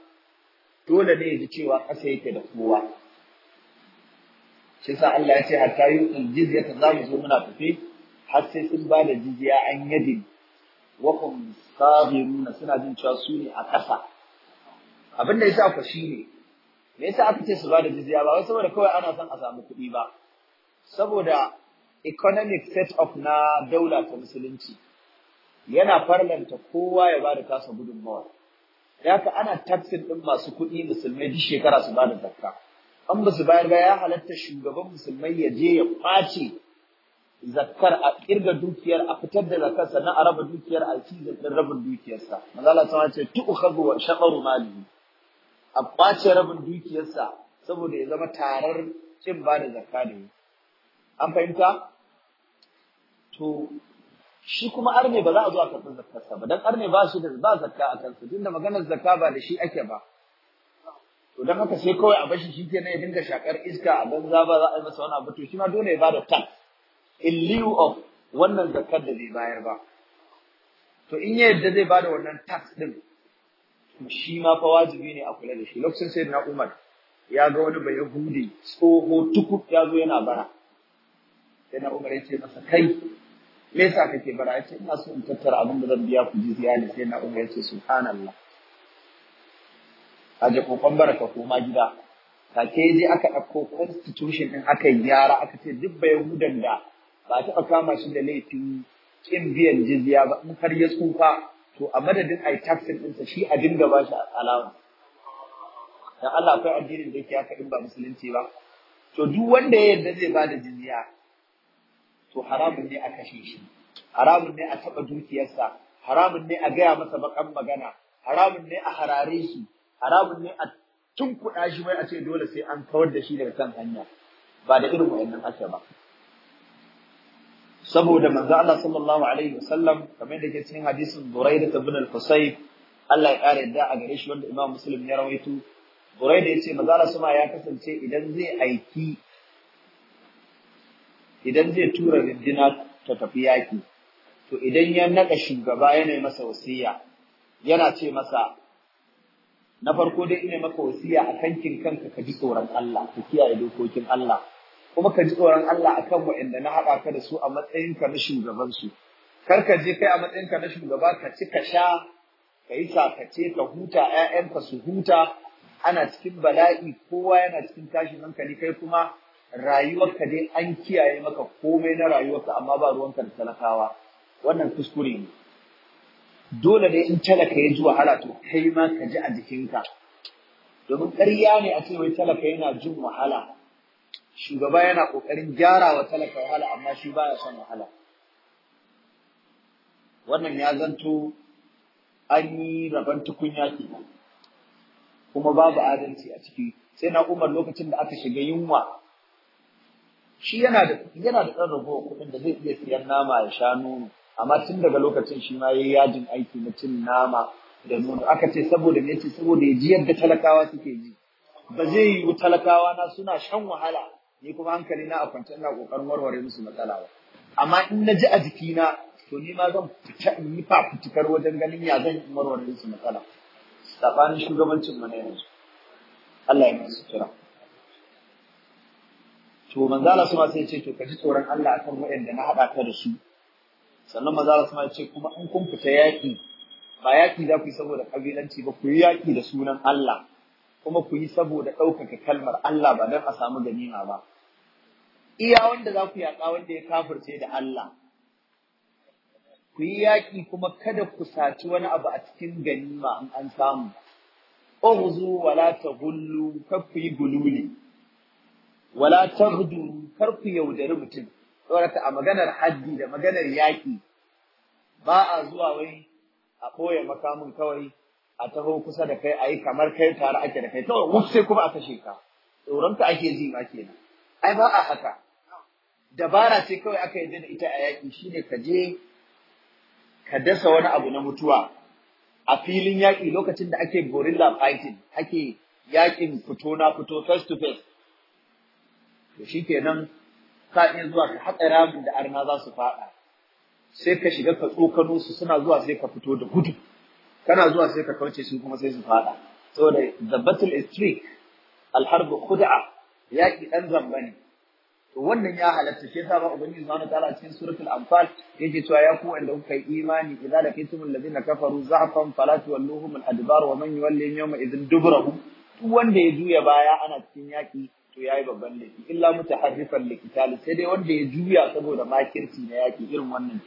dole ne ya ji cewa kasa yake da kowa shi sa Allah ya ce hatta yi jizya za mu zo muna tafi har sai sun ba da jizya an yadin wakum kafiruna suna jin cewa su ne a ƙasa abin da yasa ku ne. me yasa aka ce su ba da jizya ba wai saboda kawai ana son a samu kuɗi ba saboda economic set of na daula ta musulunci yana farlanta kowa ya ba da tasa gudunmawa Ya ka ana taksin ɗin masu kuɗi musulmai duk shekara su ba da zakka an ba su bayar ba ya halatta shugaban musulmai ya je ya kwace. zakkar a kirga dukiyar a fitar da zakkar na a raba dukiyar a ci din rabin dukiyarsa manzo Allah sama ce tu'khadhu wa shaqaru malihi a kwace rabin dukiyarsa saboda ya zama tarar cin ba da zakka ne an fahimta to shi kuma arne ba za a zo a karɓi zakkarsa ba don arne ba shi da ba zakka a kansa da maganar zakka ba da shi ake ba to don haka sai kawai a bashi shi kenan ya dinga shakar iska a banza ba za a yi masa wani abu to shi ma dole ya bada tax in lieu of wannan zakar da zai bayar ba to in ya yadda zai bada wannan tax din shi ma fa wajibi ne a kula da shi lokacin sai na Umar ya ga wani bai yahudi tsoho tuku ya zo yana bara sai na Umar ya ce masa kai me yasa kake bara ce ina so in tattara abin da zan biya ku ji ne sai na Umar ya ce subhanallah je kokon baraka koma gida ke je aka ɗauko constitution din aka gyara aka ce duk bai yahudan da ba a taɓa kama shi da laifin ƙin biyan jizya ba in har ya tsufa to a madadin a yi taxin ɗinsa shi a dinga ba shi alawa dan Allah akwai addinin da yake haka in ba musulunci ba to duk wanda ya yarda zai bada jizya to haramun ne a kashe shi haramun ne a taɓa dukiyarsa haramun ne a gaya masa bakan magana haramun ne a harare shi haramun ne a tunkuɗa shi wai a ce dole sai an kawar da shi daga kan hanya ba da irin wa'annan ake ba saboda manzo Allah sallallahu alaihi wasallam kamar yadda ke cikin hadisin Burayda ibn al qusayb Allah ya kare yadda a gare shi wanda Imam Muslim ya rawaito Buraida yace manzo Allah sama ya kasance idan zai aiki idan zai tura rindina ta tafi yaki to idan ya naka shugaba yana masa wasiya yana ce masa na farko dai ina maka wasiya a kin kanka ka ji tsoron Allah ka kiyaye dokokin Allah kuma ka ji tsoron Allah akan waɗanda na haɗa ka da su a matsayinka na shugaban su kar ka je kai a matsayinka na shugaba ka ci ka sha ka yi sakace ka huta yayanka su huta ana cikin bala'i kowa yana cikin tashin hankali kai kuma rayuwarka dai an kiyaye maka komai na rayuwarka amma ba ruwanka da talakawa wannan kuskure ne dole ne in talaka ya ji wahala to kai ma ka ji a jikinka domin ƙarya ne a ce wai talaka yana jin wahala shugaba yana kokarin gyara wa talaka wahala amma shi baya son wahala wannan ya zanto an yi rabon tukunya ke kuma babu adalci a ciki sai na umar lokacin da aka shiga yunwa shi yana da yana da ɗan ragowar kuɗin da zai iya siyan nama ya sha nono amma tun daga lokacin shi ma yayi yajin aiki na cin nama da nono aka ce saboda me yace saboda ya ji yadda talakawa suke ji ba zai yi talakawa na suna shan wahala ni kuma hankali na a kwance ina kokarin warware musu matsala ba amma in na ji a jikina to ni ma zan fita in yi fafutukar wajen ganin ya zan yi warware musu matsala tsakanin shugabancin mu na yanzu Allah ya musu kira to manzo Allah suma sai ya ce to ka ji tsoron Allah akan waɗanda na haɗa ka da su sannan manzo Allah suma ya ce kuma in kun fita yaƙi ba yaƙi za ku yi saboda kabilanci ba ku yi yaƙi da sunan Allah kuma ku yi saboda ɗaukaka kalmar Allah ba don a samu ganima ba. Iya wanda za ku yaƙa wanda ya kafirce da Allah. Ku yi yaƙi kuma kada ku saci wani abu a cikin ganima in an samu. Ohuzu wala ta gullu kar ku yi gululi. Wala ta gudu kar ku yaudari mutum. Tsorata a maganar haddi da maganar yaƙi ba a zuwa wai a ɓoye makamin kawai a taho kusa da kai ayi kamar kai tare ake da kai to wuce kuma a kashe ka tsoranta ake ji ma kenan ai ba a haka dabara ce kawai aka yarda da ita a yaki shine ka je ka dasa wani abu na mutuwa a filin yaƙi lokacin da ake gorilla fighting ake yaƙin fito na fito face to face to shikenan ka iya zuwa ka haɗa ramin da arna za su faɗa sai ka shiga ka tsokano su suna zuwa sai ka fito da gudu kana zuwa sai ka kauce su kuma sai su fada saboda the battle is trick alharbu khud'a yaki dan zamba ne to wannan ya halatta shi yasa ba ubangiji subhanahu ta'ala cikin suratul anfal yake cewa ya ku wanda kuka yi imani idza laqitum alladhina kafaru za'fan fala tuwalluhum al-adbar wa man yuwallihim yawma idhin dubrahu duk wanda ya juya baya ana cikin yaki to yayi babban laifi illa mutaharrifan liqitali sai dai wanda ya juya saboda makirci na yaki irin wannan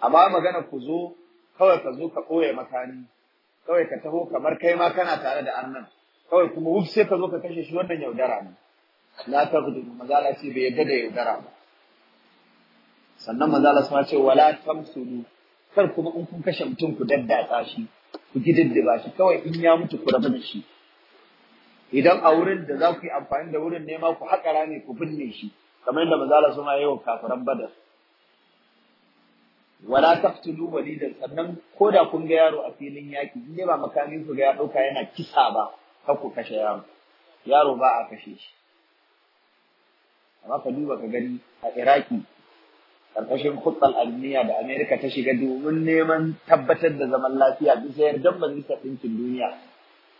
amma magana ku zo kawai ka zo ka ɓoye makani kawai ka taho kamar kai ma kana tare da annan kawai kuma wuf sai ka zo ka kashe shi wannan yaudara ne la taghdu mazala ce bai yadda da yaudara ba sannan mazala sun ce wala tamsulu kar kuma in kun kashe mutum ku daddatsa shi ku gididdiba shi kawai in ya mutu ku rabu da shi idan a wurin da za ku yi amfani da wurin nema ku haƙa rami ku binne shi kamar yadda mazala sun yi wa kafiran badar wala taqtulu walidan sannan ko da kun ga yaro a filin yaki in dai ba makamin su ga ya dauka yana kisa ba ka ku kashe yaro yaro ba a kashe shi amma ka duba ka gani a iraki karkashin hutsal almiya da amerika ta shiga domin neman tabbatar da zaman lafiya bisa yardan majalisar ɗinkin duniya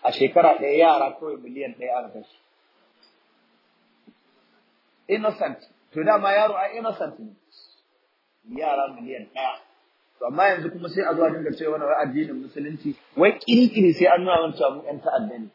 a shekara ɗaya yara kawai miliyan ɗaya aka kashe innocent to dama yaro a innocent ne yara miliyan ɗaya to amma yanzu kuma sai a zuwa dinga cewa wani addinin musulunci wai kirkiri sai an nuna wani cewa mu ƴan ta'adda ne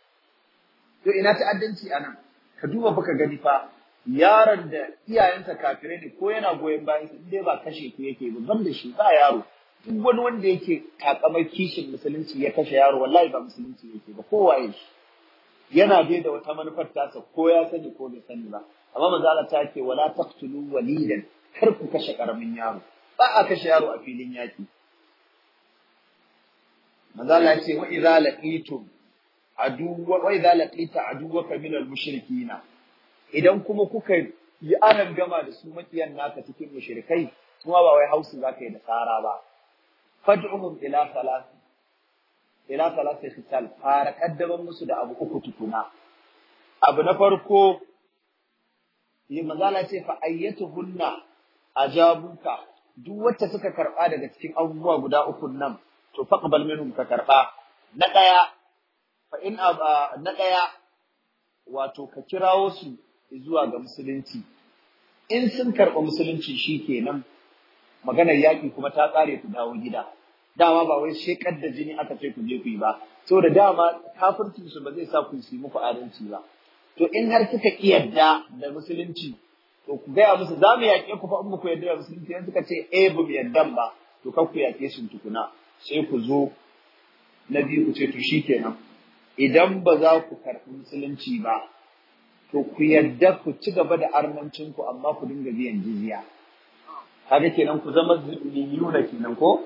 to ina ta'addanci anan ka duba baka gani fa yaron da iyayensa kafirai ne ko yana goyon bayan in dai ba kashe ku yake ba ban da shi ba yaro duk wani wanda yake takamar kishin musulunci ya kashe yaro wallahi ba musulunci yake ba Ko ya shi yana dai da wata manufar tasa ko ya sani ko bai sani ba amma manzo Allah ta ce wala taqtulu walidan kar ku kashe karamin yaro ba a kashe yaro a filin yaki manzo ya ce wa idza laqitum aduwa wa idza laqita aduwaka min al-mushrikina idan kuma kuka yi aran gama da su makiyan naka cikin mushrikai kuma ba wai hausu zaka yi da tsara ba fad'uhum ila salat ila salat khital fara kaddaban musu da abu uku tukuna abu na farko yi manzala ce fa hunna ajabuka duk wacce suka karɓa daga cikin abubuwa guda uku nan to faqbal minhum ka karba na daya fa in na daya wato ka kirawo su zuwa ga musulunci in sun karɓa musulunci shikenan maganar yaƙi kuma ta tsare ku dawo gida dama ba wai shekar da jini aka ce ku je ku yi ba saboda dama kafircin su ba zai sa ku yi muku adalci ba to in har kika kiyarda da musulunci to ku gaya musu za mu yaƙe ku fa in ku yarda musu musulunci sai suka ce eh bu yarda ba to kan ku yaƙe shi tukuna sai ku zo na biyu ku ce to shi kenan. idan ba za ku karɓi musulunci ba to ku yarda ku ci gaba da armancin ku amma ku dinga biyan jizya kaga kenan ku zama zulmiyuna kenan ko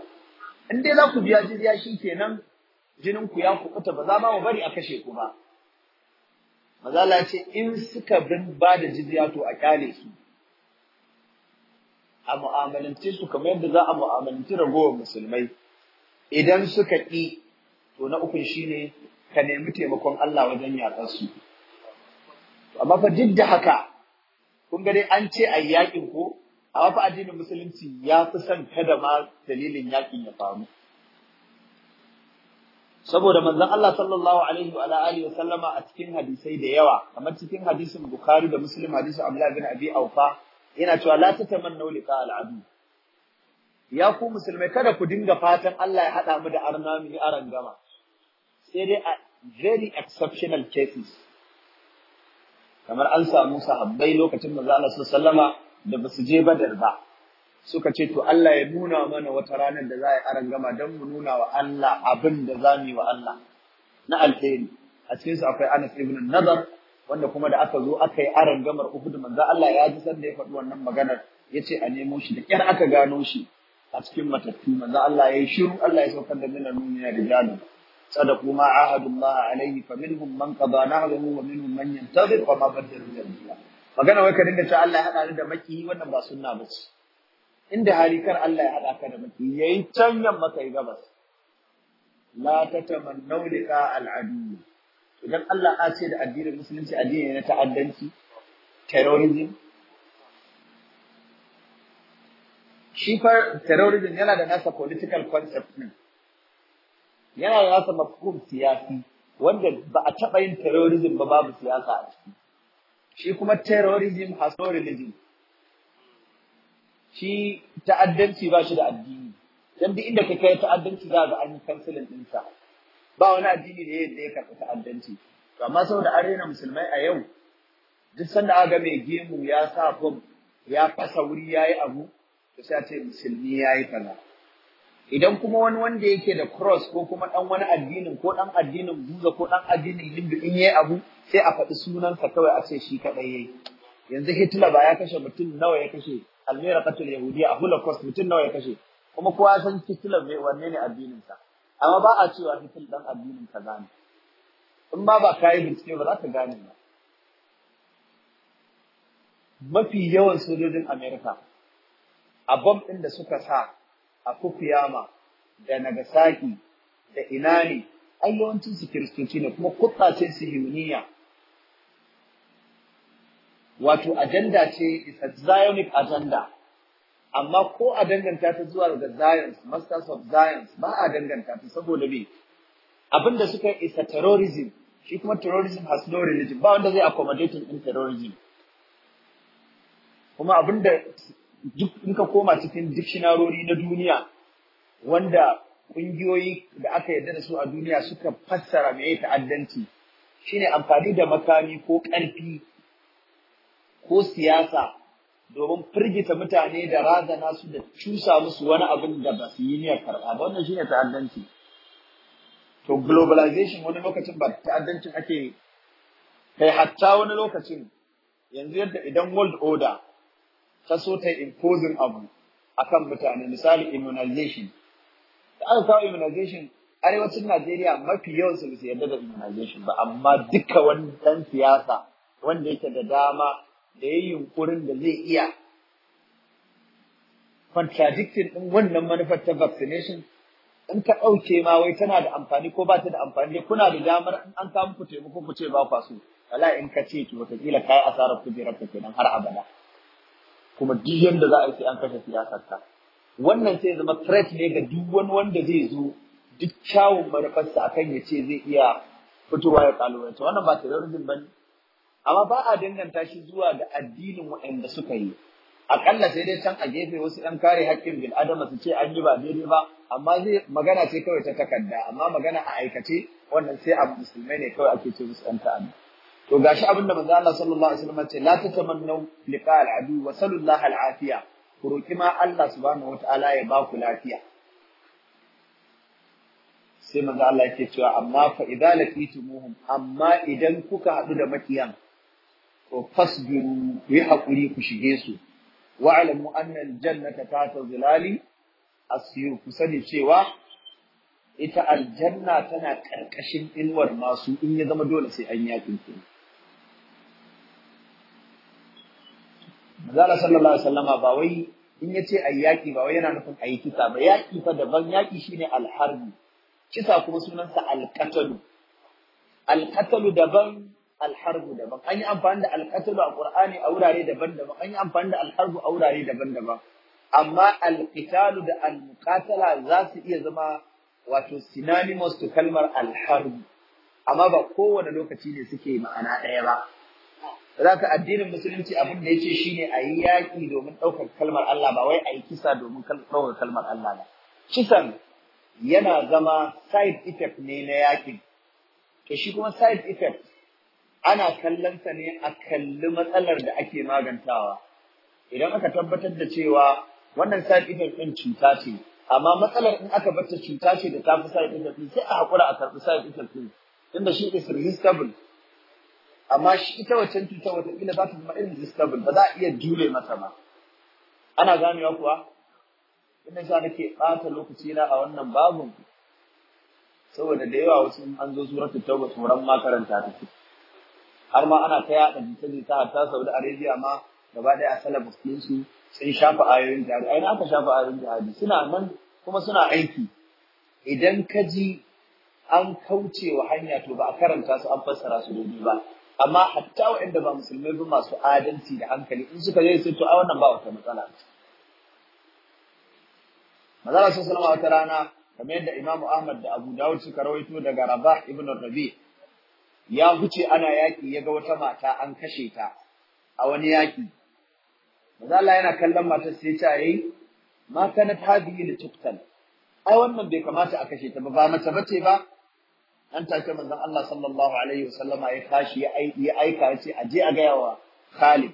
in dai za ku biya jizya kenan jinin ku ya kuɓuta ba za ba mu bari a kashe ku ba Mazala ce in suka bin ba da jizya to a kyale su. A mu'amalanci su kamar yadda za a mu'amalanci ragowar musulmai. Idan suka ƙi to na ukun shi ne ka nemi taimakon Allah wajen yaƙar su. Amma fa duk da haka kun ga dai an ce a yaƙin ko a wafa addinin musulunci ya fi son kada ma dalilin yaƙin ya faru. saboda manzon Allah sallallahu alaihi wa alihi wa sallama a cikin hadisai da yawa kamar cikin hadisin Bukhari da Muslim hadisin Abdullah bin Abi Aufa yana cewa la tatamannu liqa al-adu ya ku musulmai kada ku dinga fatan Allah ya hada mu da arna mu aran gama sai dai a very exceptional cases kamar an samu sahabbai lokacin manzon Allah sallallahu alaihi wa sallama da basu je Badar ba suka ce to Allah ya nuna mana wata ranar da za a yi arangama don mu nuna wa Allah abin da za mu yi wa Allah na alheri a cikin su akwai Anas ibn Nadar wanda kuma da aka zo aka yi arangamar Uhud manzo Allah ya ji sanda ya faɗi wannan maganar yace a nemo shi da kyar aka gano shi a cikin matattu manzo Allah ya yi shiru Allah ya saukar da mina nuniya da jalu صدقوا fa عاهدوا man kaza, na من قضى نهره ومنهم من ينتظر وما بدلوا تبديلا magana wai ka dinga cewa Allah ya hada ni da makiyi wannan ba sunna ba ce inda hali Allah ya haɗa ka da Ya yayi can yamma yi gabas la tatamannu liqa al-adu idan Allah ya ce da addinin musulunci addini ne na ta'addanci terrorism shi fa terrorism yana da nasa political concept ne yana da nasa mafhum siyasi wanda ba a taɓa yin terrorism ba babu siyasa a ciki shi kuma terrorism has no religion shi ta'addanci ba shi da addini dan duk inda ka kai ta'addanci za ga an yi kansilin ɗinsa ba wani addini da yadda ya karɓi ta'addanci to amma saboda an rena musulmai a yau duk sanda aka mai gemu ya sa bom ya fasa wuri yayi abu to sai a ce musulmi ya yi idan kuma wani wanda yake da cross ko kuma dan wani addinin ko dan addinin buza ko dan addinin hindu in yayi abu sai a faɗi sunansa kawai a ce shi kaɗai yayi yanzu hitler ba ya kashe mutum nawa ya kashe almira qatul Yahudiya a holocaust mutum nawa ya kashe kuma kowa san hitler mai wanne ne addinin sa amma ba a cewa fitil dan addinin ka gane in ma ba kai bincike ba za ka gane ba mafi yawan sojojin america a bom din da suka sa a kufiyama da Nagasaki da Inani ai yawancin su kiristoci ne kuma kutsacin su Yuniya wato agenda ce is a Zionic agenda amma ko a danganta ta zuwa ga Zions Masters of Zions ba a danganta ta saboda me abinda suka is a terrorism shi kuma terrorism has no religion ba wanda zai accommodate in terrorism kuma abinda duk in ka koma cikin dictionary na duniya wanda kungiyoyi da aka yarda da su a duniya suka fassara me ta'addanci shine amfani da makami ko ƙarfi ko siyasa domin firgita mutane da razana su da cusa musu wani abin da ba su yi niyyar karɓa ba wannan shine ta'addanci to globalization wani lokacin ba ta'addancin ake kai hatta wani lokacin yanzu yadda idan world order ta so ta imposing abu akan mutane misali immunization da aka kawo immunization arewacin Najeriya mafi yawan su yadda da immunization ba amma duka wani dan siyasa wanda yake da dama da ya yi yunkurin da zai iya contradictin ɗin wannan manufar ta vaccination in ka ɗauke ma wai tana da amfani ko ba ta da amfani dai kuna da damar in an kawo muku taimako ku ce ba kwa so wala in ka ce ki wataƙila ka yi asarar kujerar ka kenan har abada kuma duk da za a yi sai an kashe siyasar ka wannan sai zama threat ne ga duk wani wanda zai zo duk kyawun manufarsa akan ya ce zai iya fitowa ya kalubalance wannan ba terrorism ba ne amma ba a danganta shi zuwa ga addinin waɗanda suka yi akalla sai dai can a gefe wasu ɗan kare haƙƙin bil adama su ce an yi ba daidai ba amma zai magana ce kawai ta takarda amma magana a aikace wannan sai a musulmai ne kawai ake ce musu ɗan ta'adda to gashi abin da manzo Allah sallallahu alaihi wasallam ce la tatamannu liqa al-adu wa sallallahu al-afiya ku roki ma Allah subhanahu wataala ya ba ku lafiya sai manzo Allah yake cewa amma fa idza laqitumuhum amma idan kuka hadu da makiyan fasbiru ku yi haƙuri ku shige su wa'alamu annal jannata ta ta zilali asiru ku sani cewa ita aljanna tana ƙarƙashin inuwar masu in ya zama dole sai an yaƙin ku Mazala sallallahu alaihi wasallama ba wai in yace ayi yaƙi ba wai yana nufin ayi kisa ba yaƙi fa daban yaƙi shine alharbi kisa kuma sunansa alqatalu alqatalu daban alharbu daban an yi amfani da alqatlu a qur'ani a wurare daban-daban an yi amfani da alharbu a wurare daban-daban amma alqitalu da almuqatala za su iya zama wato synonymous to kalmar alharbu amma ba kowane lokaci ne suke ma'ana ɗaya ba zaka addinin musulunci abin da yace shine a yi yaƙi domin ɗaukar kalmar Allah ba wai a yi kisa domin ɗaukar kalmar Allah ba kisan yana zama side effect ne na yaƙin to shi kuma side effect ana kallon sa ne a kalli matsalar da ake magantawa idan aka tabbatar da cewa wannan sa effect din cuta ce amma matsalar in aka bata cuta ce da ta fi side effect din sai a hakura a karɓi sa effect din tunda shi is resistable amma shi ita wacce cuta wata kila za ta zama irin resistable ba za a iya jure mata ba ana ganewa kuwa inda sa nake ɓata lokaci na a wannan babun saboda da yawa wasu an zo suratul tauba tsoron makaranta ta take har ma ana ta yaɗa jita-jita a ta Saudi Arabia ma gaba ɗaya salafus ɗinsu sun shafa ayoyin jihadi ai aka shafa ayoyin jihadi suna nan kuma suna aiki idan ka ji an kauce wa hanya to ba a karanta su an fassara su daidai ba amma hatta waɗanda ba musulmai ba masu adalci da hankali in suka je sai to a wannan ba wata matsala Mazala sallallahu alaihi wa rana kamar yadda Imam Ahmad da Abu Dawud suka rawaito daga Rabah ibn Rabi' ya huce ana yaki ya ga wata mata an kashe ta a wani yaki. Maza Allah yana kallon matar sai ta yi, ma kana ta da Ai wannan bai kamata a kashe ta ba, ba mace bace ba. An take manzon Allah sallallahu alaihi wasallama ya kashi ya aika ya ce a je a gaya wa Khalid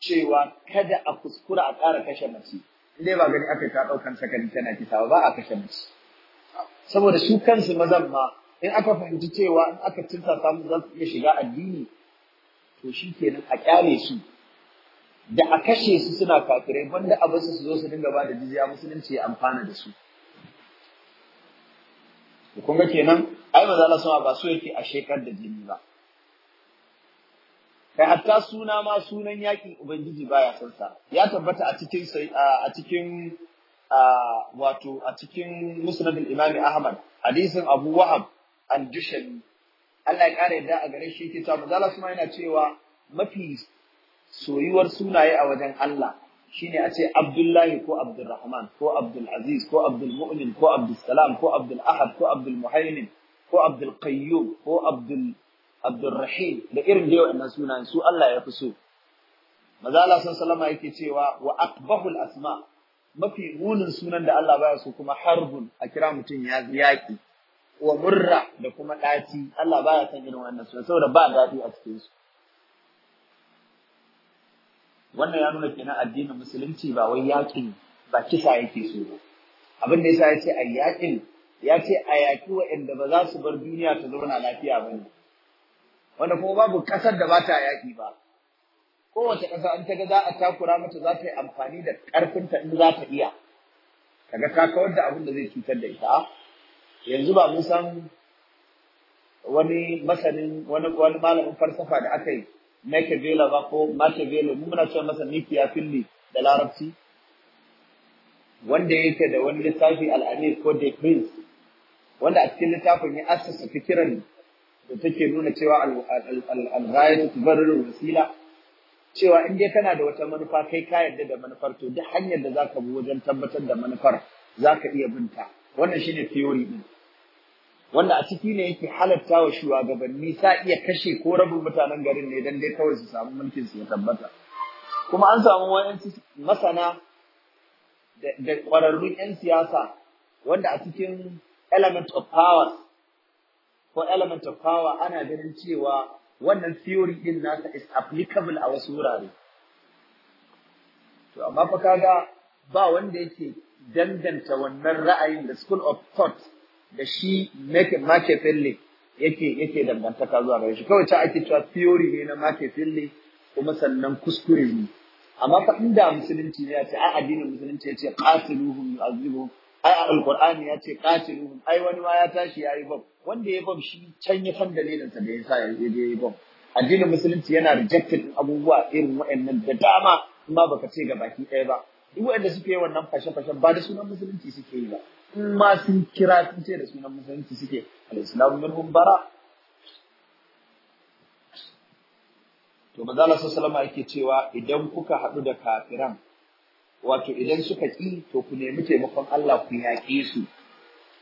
cewa kada a kuskura a ƙara kashe mace. Indai ba gani aka ta ɗaukan sakari tana kisa ba a kashe mace. Saboda su kansu mazan ma in aka fahimci cewa in aka cinta samu za su iya shiga addini to shi kenan a kyare su da a kashe su suna kafirai banda a basu su zo su dinga ba da jizya musulunci ya amfana da su kun ga kenan ai maza na sama ba su yake a shekar da jini ba kai hatta suna ma sunan yakin ubangiji baya ya sa ya tabbata a cikin a cikin wato a cikin musnad al-imam Ahmad hadisin Abu Wahab andushali Allah ya ƙara yadda a gare shi ke cewa manzo Allah yana cewa mafi soyuwar sunaye a wajen Allah shine a ce Abdullahi ko Abdulrahman ko Abdul Aziz ko Abdul Mu'min ko Abdul ko Abdul Ahad ko Abdul ko Abdul ko Abdul Rahim da irin da waɗannan sunayen su Allah ya fi so maza Allah sallallahu yake cewa wa aqbahul asma mafi munin sunan da Allah baya su kuma harbun a kira mutum ya yaƙi wa murra da kuma ɗaci Allah baya son irin wannan suna saboda ba daɗi a cikin su wannan ya nuna kenan addinin musulunci ba wai yaƙin ba kisa yake so ba abin da yasa yace a yaƙin ya ce a yaƙi waɗanda ba za su bar duniya ta zauna lafiya ba ne wanda kuma babu ƙasar da ba ta yaƙi ba kowace ƙasa an ta ga za a takura mata za ta yi amfani da ƙarfinta in za ta iya kaga ka kawar da abin da zai cutar da ita yanzu ba mun san wani masanin wani wani malamin falsafa da aka yi Machiavelli ba ko Machiavelli mun muna cewa masa Machiavelli da Larabci wanda yake da wani littafi al'amir ko the prince wanda a cikin littafin ya assasa fikiran da take nuna cewa al-ghayatu tubarriru wasila cewa in dai kana da wata manufa kai ka yarda da manufar to duk hanyar da zaka bi wajen tabbatar da manufar zaka iya binta wannan shine theory din wanda a ciki ne yake halatta wa shugabanni sa iya kashe ko rabin mutanen garin ne dan dai kawai su samu mulkin su ya tabbata kuma an samu masana da kwararru 'yan siyasa wanda a cikin element of power ko element of power ana ganin cewa wannan theory din nasa is applicable a wasu wurare to amma fa kaga ba wanda yake danganta wannan ra'ayin da school of thought da shi make make yake yake dangantaka zuwa gare shi kawai ta ake cewa theory ne na fille kuma sannan kuskure ne amma fa inda musulunci ne ya ce a addinin musulunci ya ce qatiluhum ai alqur'ani ya ce qatiluhum ai wani ma ya tashi yayi bab wanda ya bab shi can ya san dalilin sa da yasa ya je yi bab addinin musulunci yana rejected abubuwa irin wa'annan da dama kuma baka ce ga baki ɗaya ba duk wanda suke yi wannan fashe-fashen ba da sunan musulunci suke yi ba in ma sun kira sun ce da sunan musulunci suke al-islamu minhum bara to manzo sallallahu alaihi yake cewa idan kuka haɗu da kafiran wato idan suka ƙi to ku nemi taimakon Allah ku yaƙe su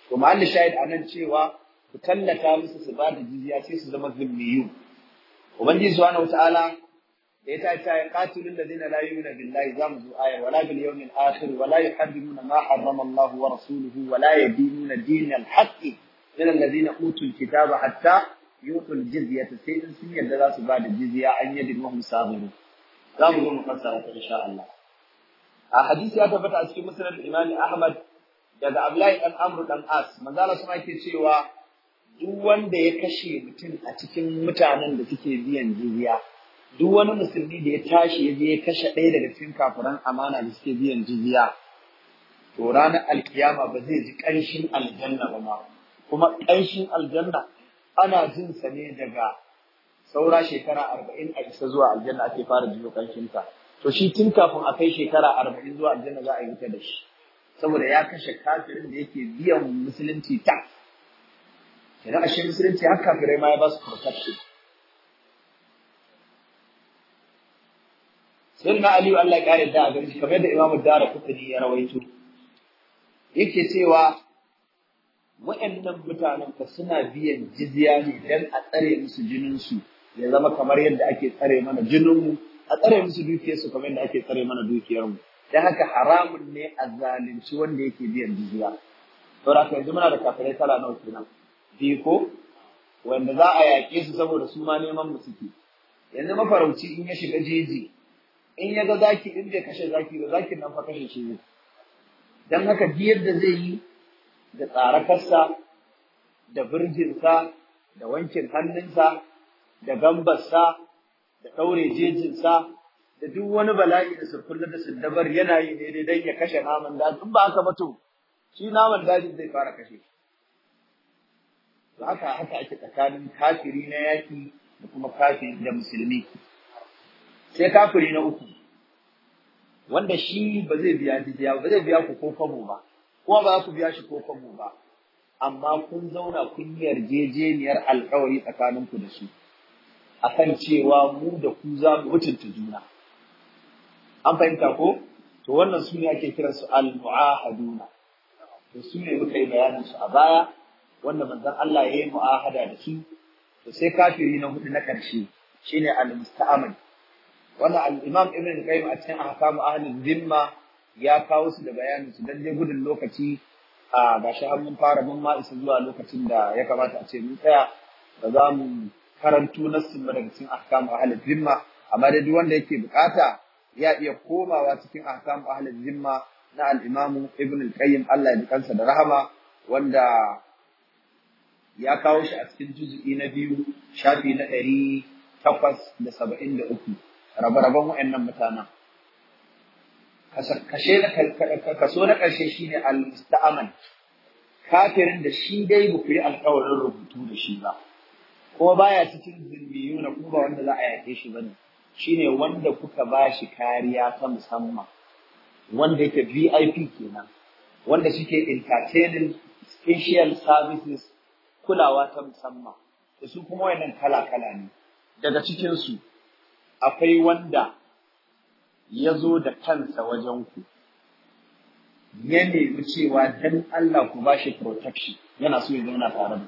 to mahallin shahid anan cewa ku tallata musu su ba da jizya sai su zama zimmiyu ubangiji subhanahu ta'ala da ya ta ta qatilul ladina la yu'minuna billahi zamu zo ayar wala bil yawmil akhir wala yuhaddimuna ma harrama Allah wa rasuluhu wala yadinuna dinal haqqi min alladhina utul kitaba hatta yutul jizyata sai sun yarda za su ba da jizya an yadin mahum Za mu zo mu fassara ta insha Allah a hadisi ya tabbata a cikin musnad Imam Ahmad daga Abdullahi dan Amr dan As manzo Allah sama yake cewa duk wanda ya kashe mutum a cikin mutanen da suke biyan jizya duk wani musulmi da ya tashi ya je ya kashe ɗaya daga cikin kafiran amana da suke biyan jizya to ranar alkiyama ba zai ji ƙanshin aljanna ba ma kuma ƙanshin aljanna ana jin sa ne daga saura shekara arba'in a isa zuwa aljanna ake fara jiyo ƙanshinsa to shi tun kafin a kai shekara arba'in zuwa aljanna za a yi ta da shi saboda ya kashe kafirin da yake biyan musulunci ta kenan ashe musulunci har kafirai ma ya ba su protection sai aliyu Allah ya kare da a gari kamar da imamu dara kutani ya rawaito yake cewa wa'annan mutanen ka suna biyan jizya ne dan a tsare musu jinin ya zama kamar yadda ake tsare mana jinin a tsare musu dukiyarsu kamar yadda ake tsare mana dukiyar mu dan haka haramun ne a zalunci wanda yake biyan jizya saboda haka yanzu muna da kafirai kala nawa kenan biyu ko wanda za a yaƙe su saboda su ma neman mu suke yanzu mafarauci in ya shiga jeji in ya ga zaki in bai kashe zaki ba zakin nan fa kashe shi ne dan haka duk yadda zai yi da tsarakarsa da birjinsa da wankin hannunsa da gambarsa da ɗaure jejinsa da duk wani bala'i da sirkullar da sindabar yana yi ne dai ya kashe naman da in ba haka ba to shi naman daji zai fara kashe shi haka haka ake tsakanin kafiri na yaki da kuma kafiri da musulmi sai kafiri na uku wanda shi ba zai biya jizya ba zai biya ku ko kabo ba kuma ba ku biya shi ko kwabo ba amma kun zauna kun yi yarjejeniyar alkawari tsakaninku da su akan cewa mu da ku za mu mutunta juna an fahimta ko to wannan su ne ake kiran su al-mu'ahaduna to su ne muka yi bayanin su a baya wanda manzon Allah ya yi mu'ahada da su to sai kafiri na hudu na karshe shine al-musta'amil wannan alimam ibn qayyim a cikin ahkamu ahlul dhimma ya kawo su da bayanin su dan dai gudun lokaci a gashi har mun fara mun ma isa zuwa lokacin da ya kamata a ce mun tsaya da za mu karantu nassin daga cikin ahkamu ahlul dhimma amma dai duk wanda yake bukata ya iya komawa cikin ahkamu ahlul zimma na al ibn qayyim Allah ya ji kansa da rahama wanda ya kawo shi a cikin juzu'i na biyu shafi na ɗari takwas da saba'in da uku rabe-raben waɗannan mutanen kaso na ƙarshe shine al-musta'aman kafirin da shi dai ba ku yi alƙawarin rubutu da shi ba ko baya cikin zimmiyu na kuma wanda za a yake shi bane shine wanda kuka ba shi kariya ta musamman wanda yake VIP kenan wanda suke entertaining special services kulawa ta musamman da su kuma wayannan kala-kala ne daga cikin su akwai wanda ya zo da kansa wajen ku ya nemi cewa dan Allah ku ba shi protection yana so ya zauna tare da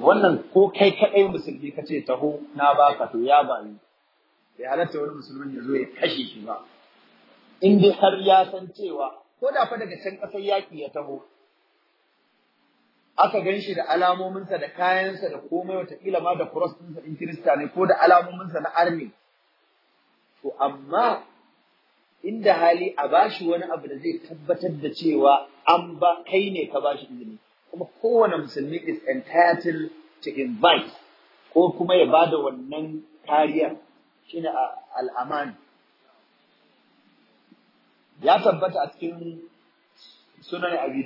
wannan ko kai kaɗai musulmi ka ce taho na baka to ya bayu. ni bai halatta wani musulmin ya zo ya kashe shi ba in dai har ya san cewa ko da fa daga can ƙasar yaƙi ya taho aka gan shi da alamominsa da kayansa da komai watakila ma da cross in ɗin kirista ne ko da alamominsa na army To amma inda hali a bashi wani abu da zai tabbatar da cewa an ba kai ne ka bashi izini kuma kowane musulmi is entitled to invite ko kuma ya ba da wannan kariya shine al'amani. ya tabbata a cikin sunan abi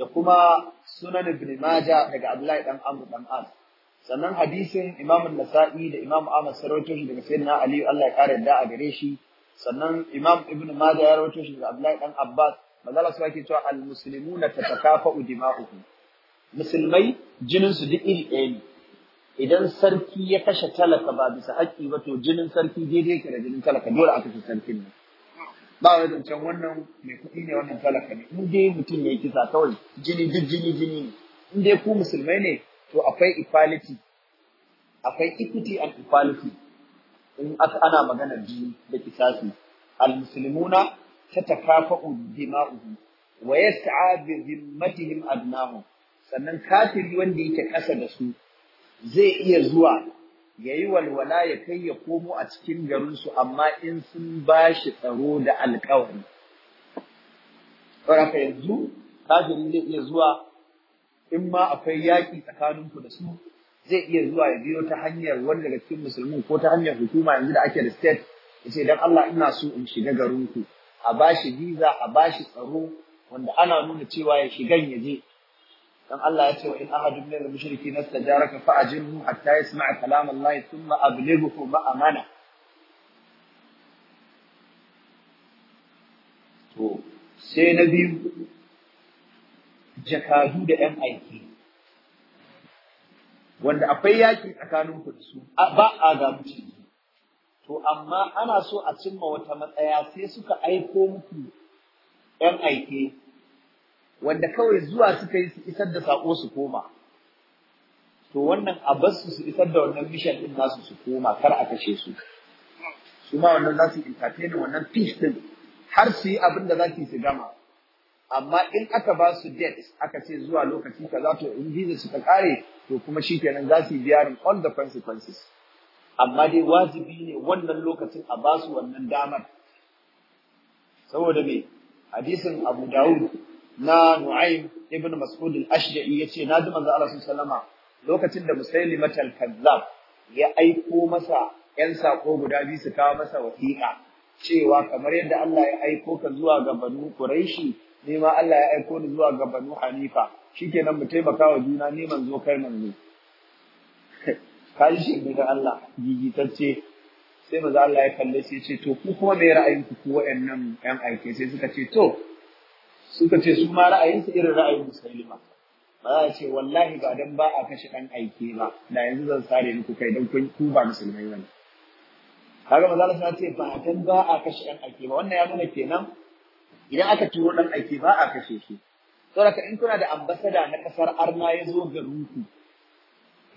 da kuma sunan ibn Majah daga Abdullahi dan Amr dan As sannan hadisin Imam An-Nasa'i da Imam Ahmad sarwato shi daga Sayyidina Ali Allah ya kare da a gare shi sannan Imam Ibn Majah ya rawato shi daga Abdullahi dan Abbas manzala su ake cewa al-muslimuna tatakafa'u dima'uhum musulmai jinin su duk iri ɗaya ne idan sarki ya kashe talaka ba bisa haƙƙi ba to jinin sarki daidai yake da jinin talaka dole aka fi sarkin nan ba wai zancen wannan mai kuɗi ne wannan talaka ne in dai mutum ya yi kisa kawai jini duk jini jini ne in dai ku musulmai ne to akwai equality akwai equity and equality in aka ana magana jini da kisasi al-muslimuna tatakafa'u dima'uhum wa yas'a bi dhimmatihim adnahu sannan kafiri wanda yake kasa da su zai iya zuwa yayi walwala ya kai ya komo a cikin garinsu amma in sun bashi tsaro da alƙawari saboda yanzu kafin zai iya zuwa in ma akwai yaƙi tsakaninku da su zai iya zuwa ya biyo ta hanyar wanda daga cikin musulmi ko ta hanyar hukuma yanzu da ake da state ya ce don Allah ina so in shiga garinku a bashi visa a bashi tsaro wanda ana nuna cewa ya shigan ya je dan Allah ya ce wa in ahadun min al-mushrikeen istajaraka fa ajirhu hatta yasma'a kalam Allah thumma ablighuhu ma'amana to sai na biyu jakadu da ‘yan aiki, wanda akwai yaki tsakanin ku da su, ba a gamu To, amma ana so a cimma wata matsaya sai suka aiko muku ‘yan aiki wanda kawai zuwa suka yi su isar da sako su koma to wannan a basu su isar da wannan mission din nasu su koma kar a kashe su su ma wannan za su entertain wannan peace din har su yi abin da za su yi su gama amma in aka ba su dates aka ce zuwa lokaci kaza to in visa suka kare to kuma kenan za su yi biyarin all the consequences amma dai wajibi ne wannan lokacin a ba su wannan damar saboda me hadisin Abu Dawud na Nu'aym ibn Mas'ud al-Ashja'i yace na ji manzo Allah sallallahu lokacin da Musaylimah al-Kazzab ya aiko masa ƴan sako guda biyu su kawo masa wasiƙa cewa kamar yadda Allah ya aiko ka zuwa ga Banu Quraishi ne ma Allah ya aiko ni zuwa ga Banu Hanifa shikenan mu taimaka wa juna ne manzo kar manzo kai shi daga Allah gigitacce sai manzo Allah ya kalle shi ya ce to ku kuma me ra'ayinku ku wa'annan waɗannan ƴan aike sai suka ce to suka ce su ma ra'ayinsu irin ra'ayin musulma ba za a ce wallahi ba dan ba a kashe dan aike ba da yanzu zan sare muku kai dan kun ku ba musulmai bane kaga maza ta ce ba dan ba a kashe dan aike ba wannan ya nuna kenan idan aka turo dan aike ba a kashe shi saboda in kuna da ambasada na kasar arna ya zo garinku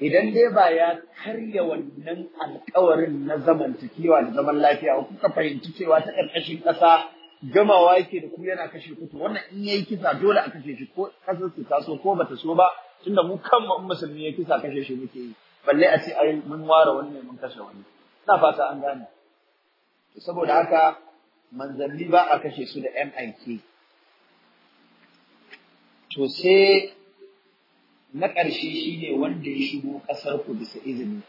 idan dai ba ya karya wannan alkawarin na zamantakewa da zaman lafiya kuka fahimci cewa ta ƙarƙashin ƙasa gamawa yake da ku yana kashe ku wannan in yayi kisa dole a kashe shi ko kasar su so ko bata so ba tunda mu kan mu musulmi ya kisa kashe shi muke yi balle a ce ai mun ware wani mun kashe wani ina fata an gane to saboda haka manzanni ba a kashe su da MIK to sai na ƙarshe shine wanda ya shigo ƙasar ku bisa izini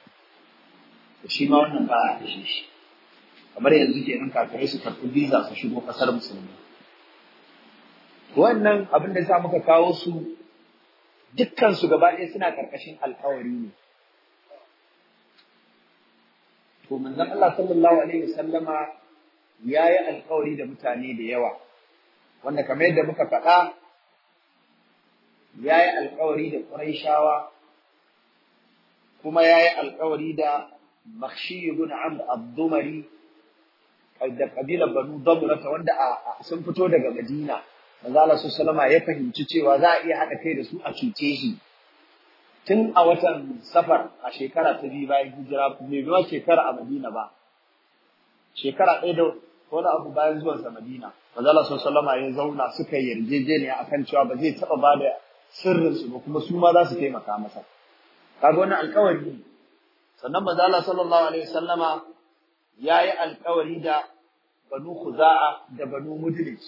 shi ma wannan ba a kashe shi kamar yanzu kenan kakarai su karɓi visa su shigo ƙasar musulmi wannan abin da sa muka kawo su dukkansu gaba ɗaya suna ƙarƙashin alƙawari ne to manzon Allah sallallahu alaihi wasallama yayi alƙawari da mutane da yawa wanda kamar yadda muka faɗa yayi alƙawari da Qurayshawa kuma yayi alƙawari da Makhshi ibn Amr ad-Dumari da kabilar Banu Damurata wanda sun fito daga Madina manzo Allah sallama ya fahimci cewa za a iya haɗa kai da su a cuce shi tun a watan safar a shekara ta biyu bayan hijira mai biwa shekara a Madina ba shekara ɗaya da wani abu bayan zuwansa Madina manzo Allah sallama ya zauna suka yarjejeniya akan cewa ba zai taɓa ba da sirrinsu ba kuma su ma za su taimaka masa kaga wannan alƙawari sannan manzo Allah sallallahu alaihi wasallama ya yi alkawari da banu kuza'a da banu mudlij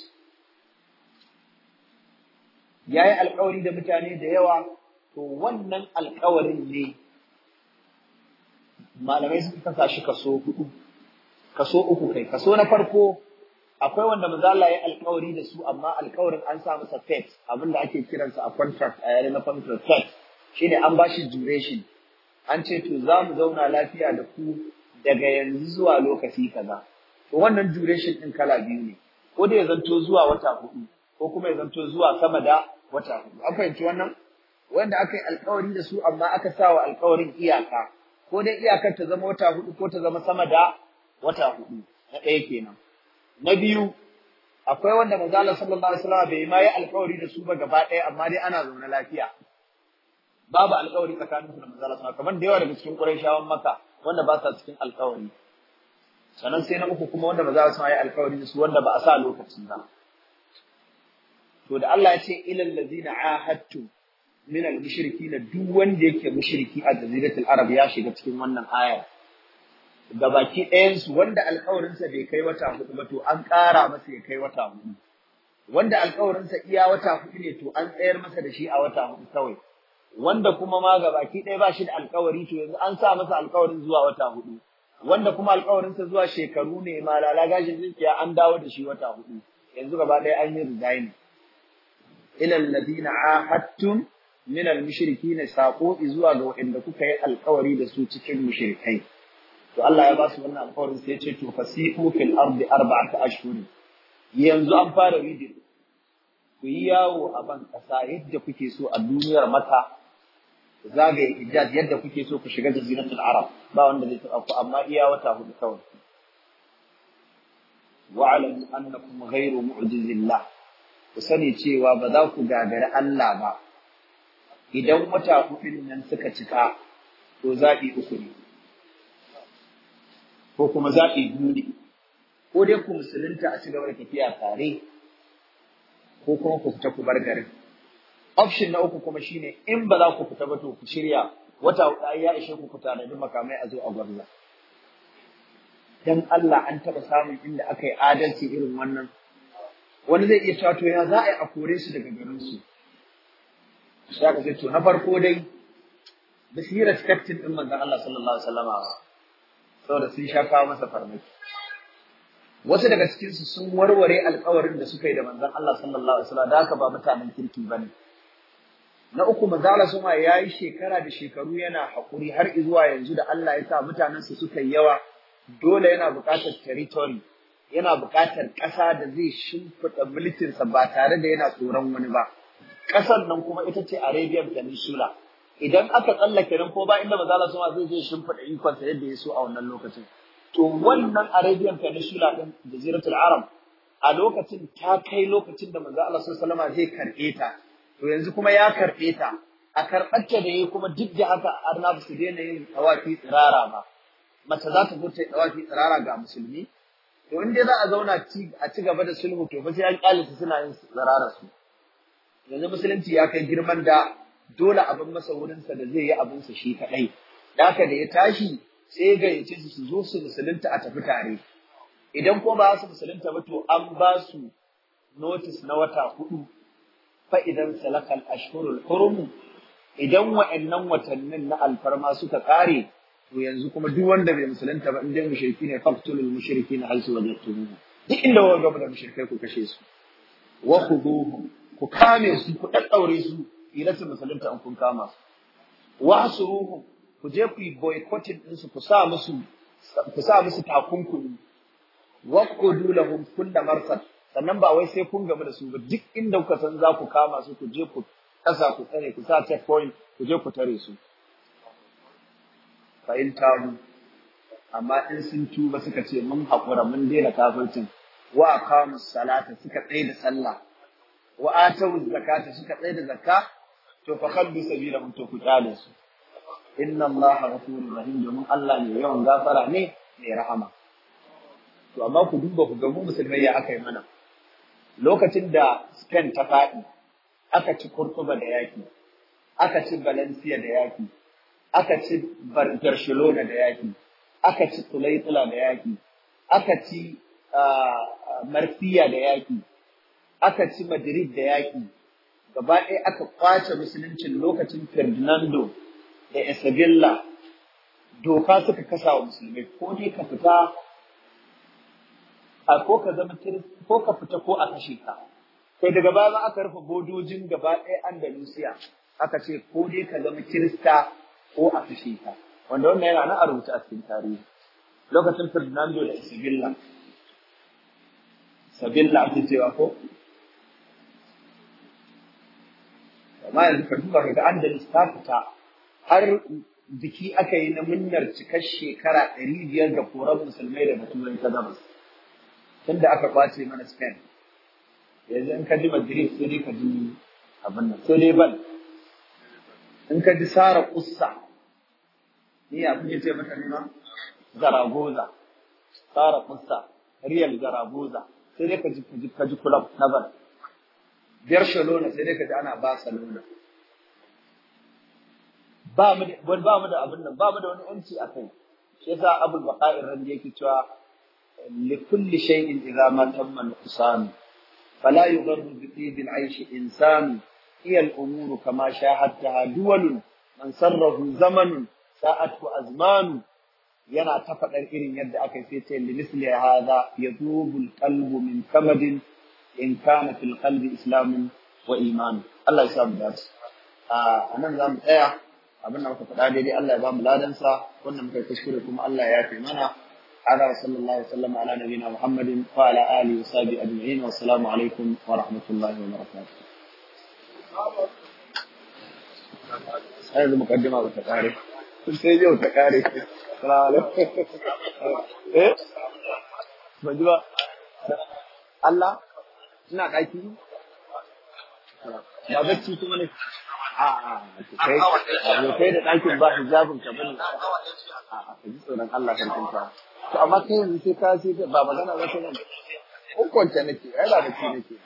ya yi alkawari da mutane da yawa to wannan alkawarin ne malamai suka kasa shi kaso hudu kaso uku kai kaso na farko akwai wanda maza Allah ya alkawari da su amma alkawarin an samu masa abin abinda ake kiransa a contract a yare na contract shine an bashi duration an ce to za mu zauna lafiya da ku daga yanzu zuwa lokaci kaza to wannan duration din kala biyu ne ko da ya zanto zuwa wata hudu ko kuma ya zanto zuwa sama da wata hudu an fahimci wannan wanda aka yi alkawari da su amma aka sa wa alkawarin iyaka ko dai iyakar ta zama wata hudu ko ta zama sama da wata hudu na ɗaya kenan na biyu akwai wanda manzo Allah sallallahu alaihi wasallam bai ma yi alkawari da su ba gaba ɗaya amma dai ana zaune lafiya babu alkawari tsakanin su da manzo Allah kamar da yawa daga cikin Qurayshawan Makkah wanda ba sa cikin alƙawari sannan sai na uku kuma wanda ba za su yi alƙawari da su wanda ba a sa lokacin ba to da Allah ya ce ilal ladina ahadtu min al na duk wanda yake mushriki a jaziratul arab ya shiga cikin wannan ayar ɗayan ɗayansu wanda alƙawarinsa bai kai wata hudu ba to an ƙara masa ya kai wata hudu wanda alƙawarinsa iya wata hudu ne to an tsayar masa da shi a wata hudu kawai wanda kuma ma gabaki ɗaya ba shi da alƙawari to yanzu an sa masa alƙawarin zuwa wata hudu wanda kuma alƙawarin alkawarinsa zuwa shekaru ne ma lala gashin zinkiya an dawo da shi wata hudu yanzu gaba ɗaya an yi resign ila alladhina ahadtum min almushrikin saqo zuwa ga wanda kuka yi alƙawari da su cikin mushrikai to Allah ya ba su wannan alƙawarin sai ya ce to fasihu fil ardi arba'ata ashhur yanzu an fara reading ku yi yawo a ban kasa yadda kuke so a duniyar mata ku zagaye yadda kuke so ku shiga jaziratul arab ba wanda zai taɓa ku amma iya wata hudu kawai wa'lamu annakum ghayru mu'jizillah ku sani cewa ba za ku gagari Allah ba idan wata hudun nan suka cika to zaɓi uku ne ko kuma zaɓi biyu ne ko dai ku musulunta a gaba da tafiya tare ko kuma ku fita ku bar garin option na uku kuma shine in ba za ku fita ba to ku shirya wata hudu ya ishe ku ku tanadi makamai a zo a gwamna dan Allah an taba samun inda aka yi adalci irin wannan wani zai iya cewa to ya za a yi a kore su daga garin su sai ka ce to na farko dai da shi yi respecting din manzon Allah sallallahu alaihi wasallam saboda sun sha kawo masa farmaki wasu daga su sun warware alƙawarin da suka yi da manzon Allah sallallahu alaihi wasallam da haka ba mutanen kirki bane na uku mazala suma ya yi shekara da shekaru yana haƙuri har izuwa yanzu da Allah ya sa mutanensa suka yi yawa dole yana buƙatar territory yana buƙatar ƙasa da zai shimfiɗa sa ba tare da yana tsoron wani ba ƙasar nan kuma ita ce Arabian Peninsula idan aka tsallake nan ko ba inda mazala suma zai je shimfiɗa ikonsa yadda ya so a wannan lokacin to wannan Arabian Peninsula ɗin jaziratul Arab a lokacin ta kai lokacin da manzo Allah sallallahu alaihi wasallam zai karɓe ta to yanzu kuma ya karɓe ta a karɓarta da ya kuma duk da haka arna su daina yin tawafi tsirara ba mace za ta furta tawafi tsirara ga musulmi to in za a zauna a ci gaba da sulhu to ba sai an kyale suna yin tsirara su yanzu musulunci ya kai girman da dole abin masa wurinsa da zai yi abin sa shi kaɗai haka da ya tashi sai ga ya su zo su musulunta a tafi tare idan ko ba su musulunta ba to an ba su notice na wata hudu Fa'idan salakal ashhurul hurum idan wa'annan watannin na alfarma suka kare to yanzu kuma duk wanda bai musulunta ba indai mushriki ne faqtulul mushrikin haisu wajadtumuhum duk inda wa gaba da mushrikai ku kashe su wa khuduhum ku kame su ku daddaure su ilata musulunta an kun kama su wa ku je ku boycotting din ku sa musu ku sa musu takunkumi wa qudu lahum kullu marsad sannan ba wai sai kun gamu da su ba duk inda kuka san za ku kama su ku je ku kasa ku tsare ku sa checkpoint ku je ku tare su fa in mu amma in sun tuba suka ce mun hakura mun daina kafircin wa aqamu salata suka tsaye da sallah wa atu zakata suka tsaye da zakka to fa sabila mun to ku tsale su inna allaha ghafurur rahim domin Allah ne yawan gafara ne mai rahama to amma ku duba ku ga mu musulmai ya aka yi mana lokacin da Spain ta faɗi aka ci Kurtuba da yaƙi, aka ci Valencia da yaƙi, aka ci Barcelona da yaƙi, aka ci Tulaitula da yaƙi, aka ci Marfiya da yaƙi, aka ci Madrid da yaƙi, gaba ɗaya aka kwace musuluncin lokacin Ferdinando da Isabella doka suka kasa wa musulmai ko dai ka fita a ko ka zama ko ka fita ko a kashe ka kai daga baya aka rufe bodojin gaba ɗaya Andalusiya aka ce ko dai ka zama kirista ko a kashe ka wanda wannan yana nan a rubuce a cikin tarihi lokacin Fernando da Isabella Sibilla ake cewa ko amma yanzu ka duba ga Andalus ta fita har biki aka yi na munnar cikar shekara ɗari biyar koran musulmai da mutumin ta gabas. tunda aka kwace mana Spain yanzu in ka ji Madrid sai dai ka ji abin nan Sai ban, in ka ji Sara Kussa ni ya kuke ce mata ne ma Zaragoza Sara Kussa Real Zaragoza sai dai ka ji ka ji club na ban Barcelona sai dai ka ji ana Barcelona ba mu da abin nan ba mu da wani yanci a kai shi yasa Abul Baqa'ir ran da yake cewa لكل شيء إذا ما تم نقصان فلا يغر بطيب العيش إنسان هي الأمور كما شاهدتها دول من سره زمن ساءته أزمان ينا تفق الإرن يد أكفيتين لمثل هذا يذوب القلب من كمد إن كان في القلب إسلام وإيمان الله يسلم الناس آه، أنا نظام إيه أبنى وقت الله يبام لا ننسى قلنا مكتشكركم الله يأتي منه هذا وصلى الله وسلم على نبينا محمد وعلى آله وصحبه أجمعين والسلام عليكم ورحمة الله وبركاته هذه المقدمة والتقارب سيجي والتقارب السلام عليكم إيه مجمع الله ina ɗaki ba bacci kuma ne A'a kai da ɗakin ba hijabin ka bane a ji tsoron Allah kan tunta to amma kai yanzu sai ka sai ba magana ba ta nan hukunta nake ai ba da nake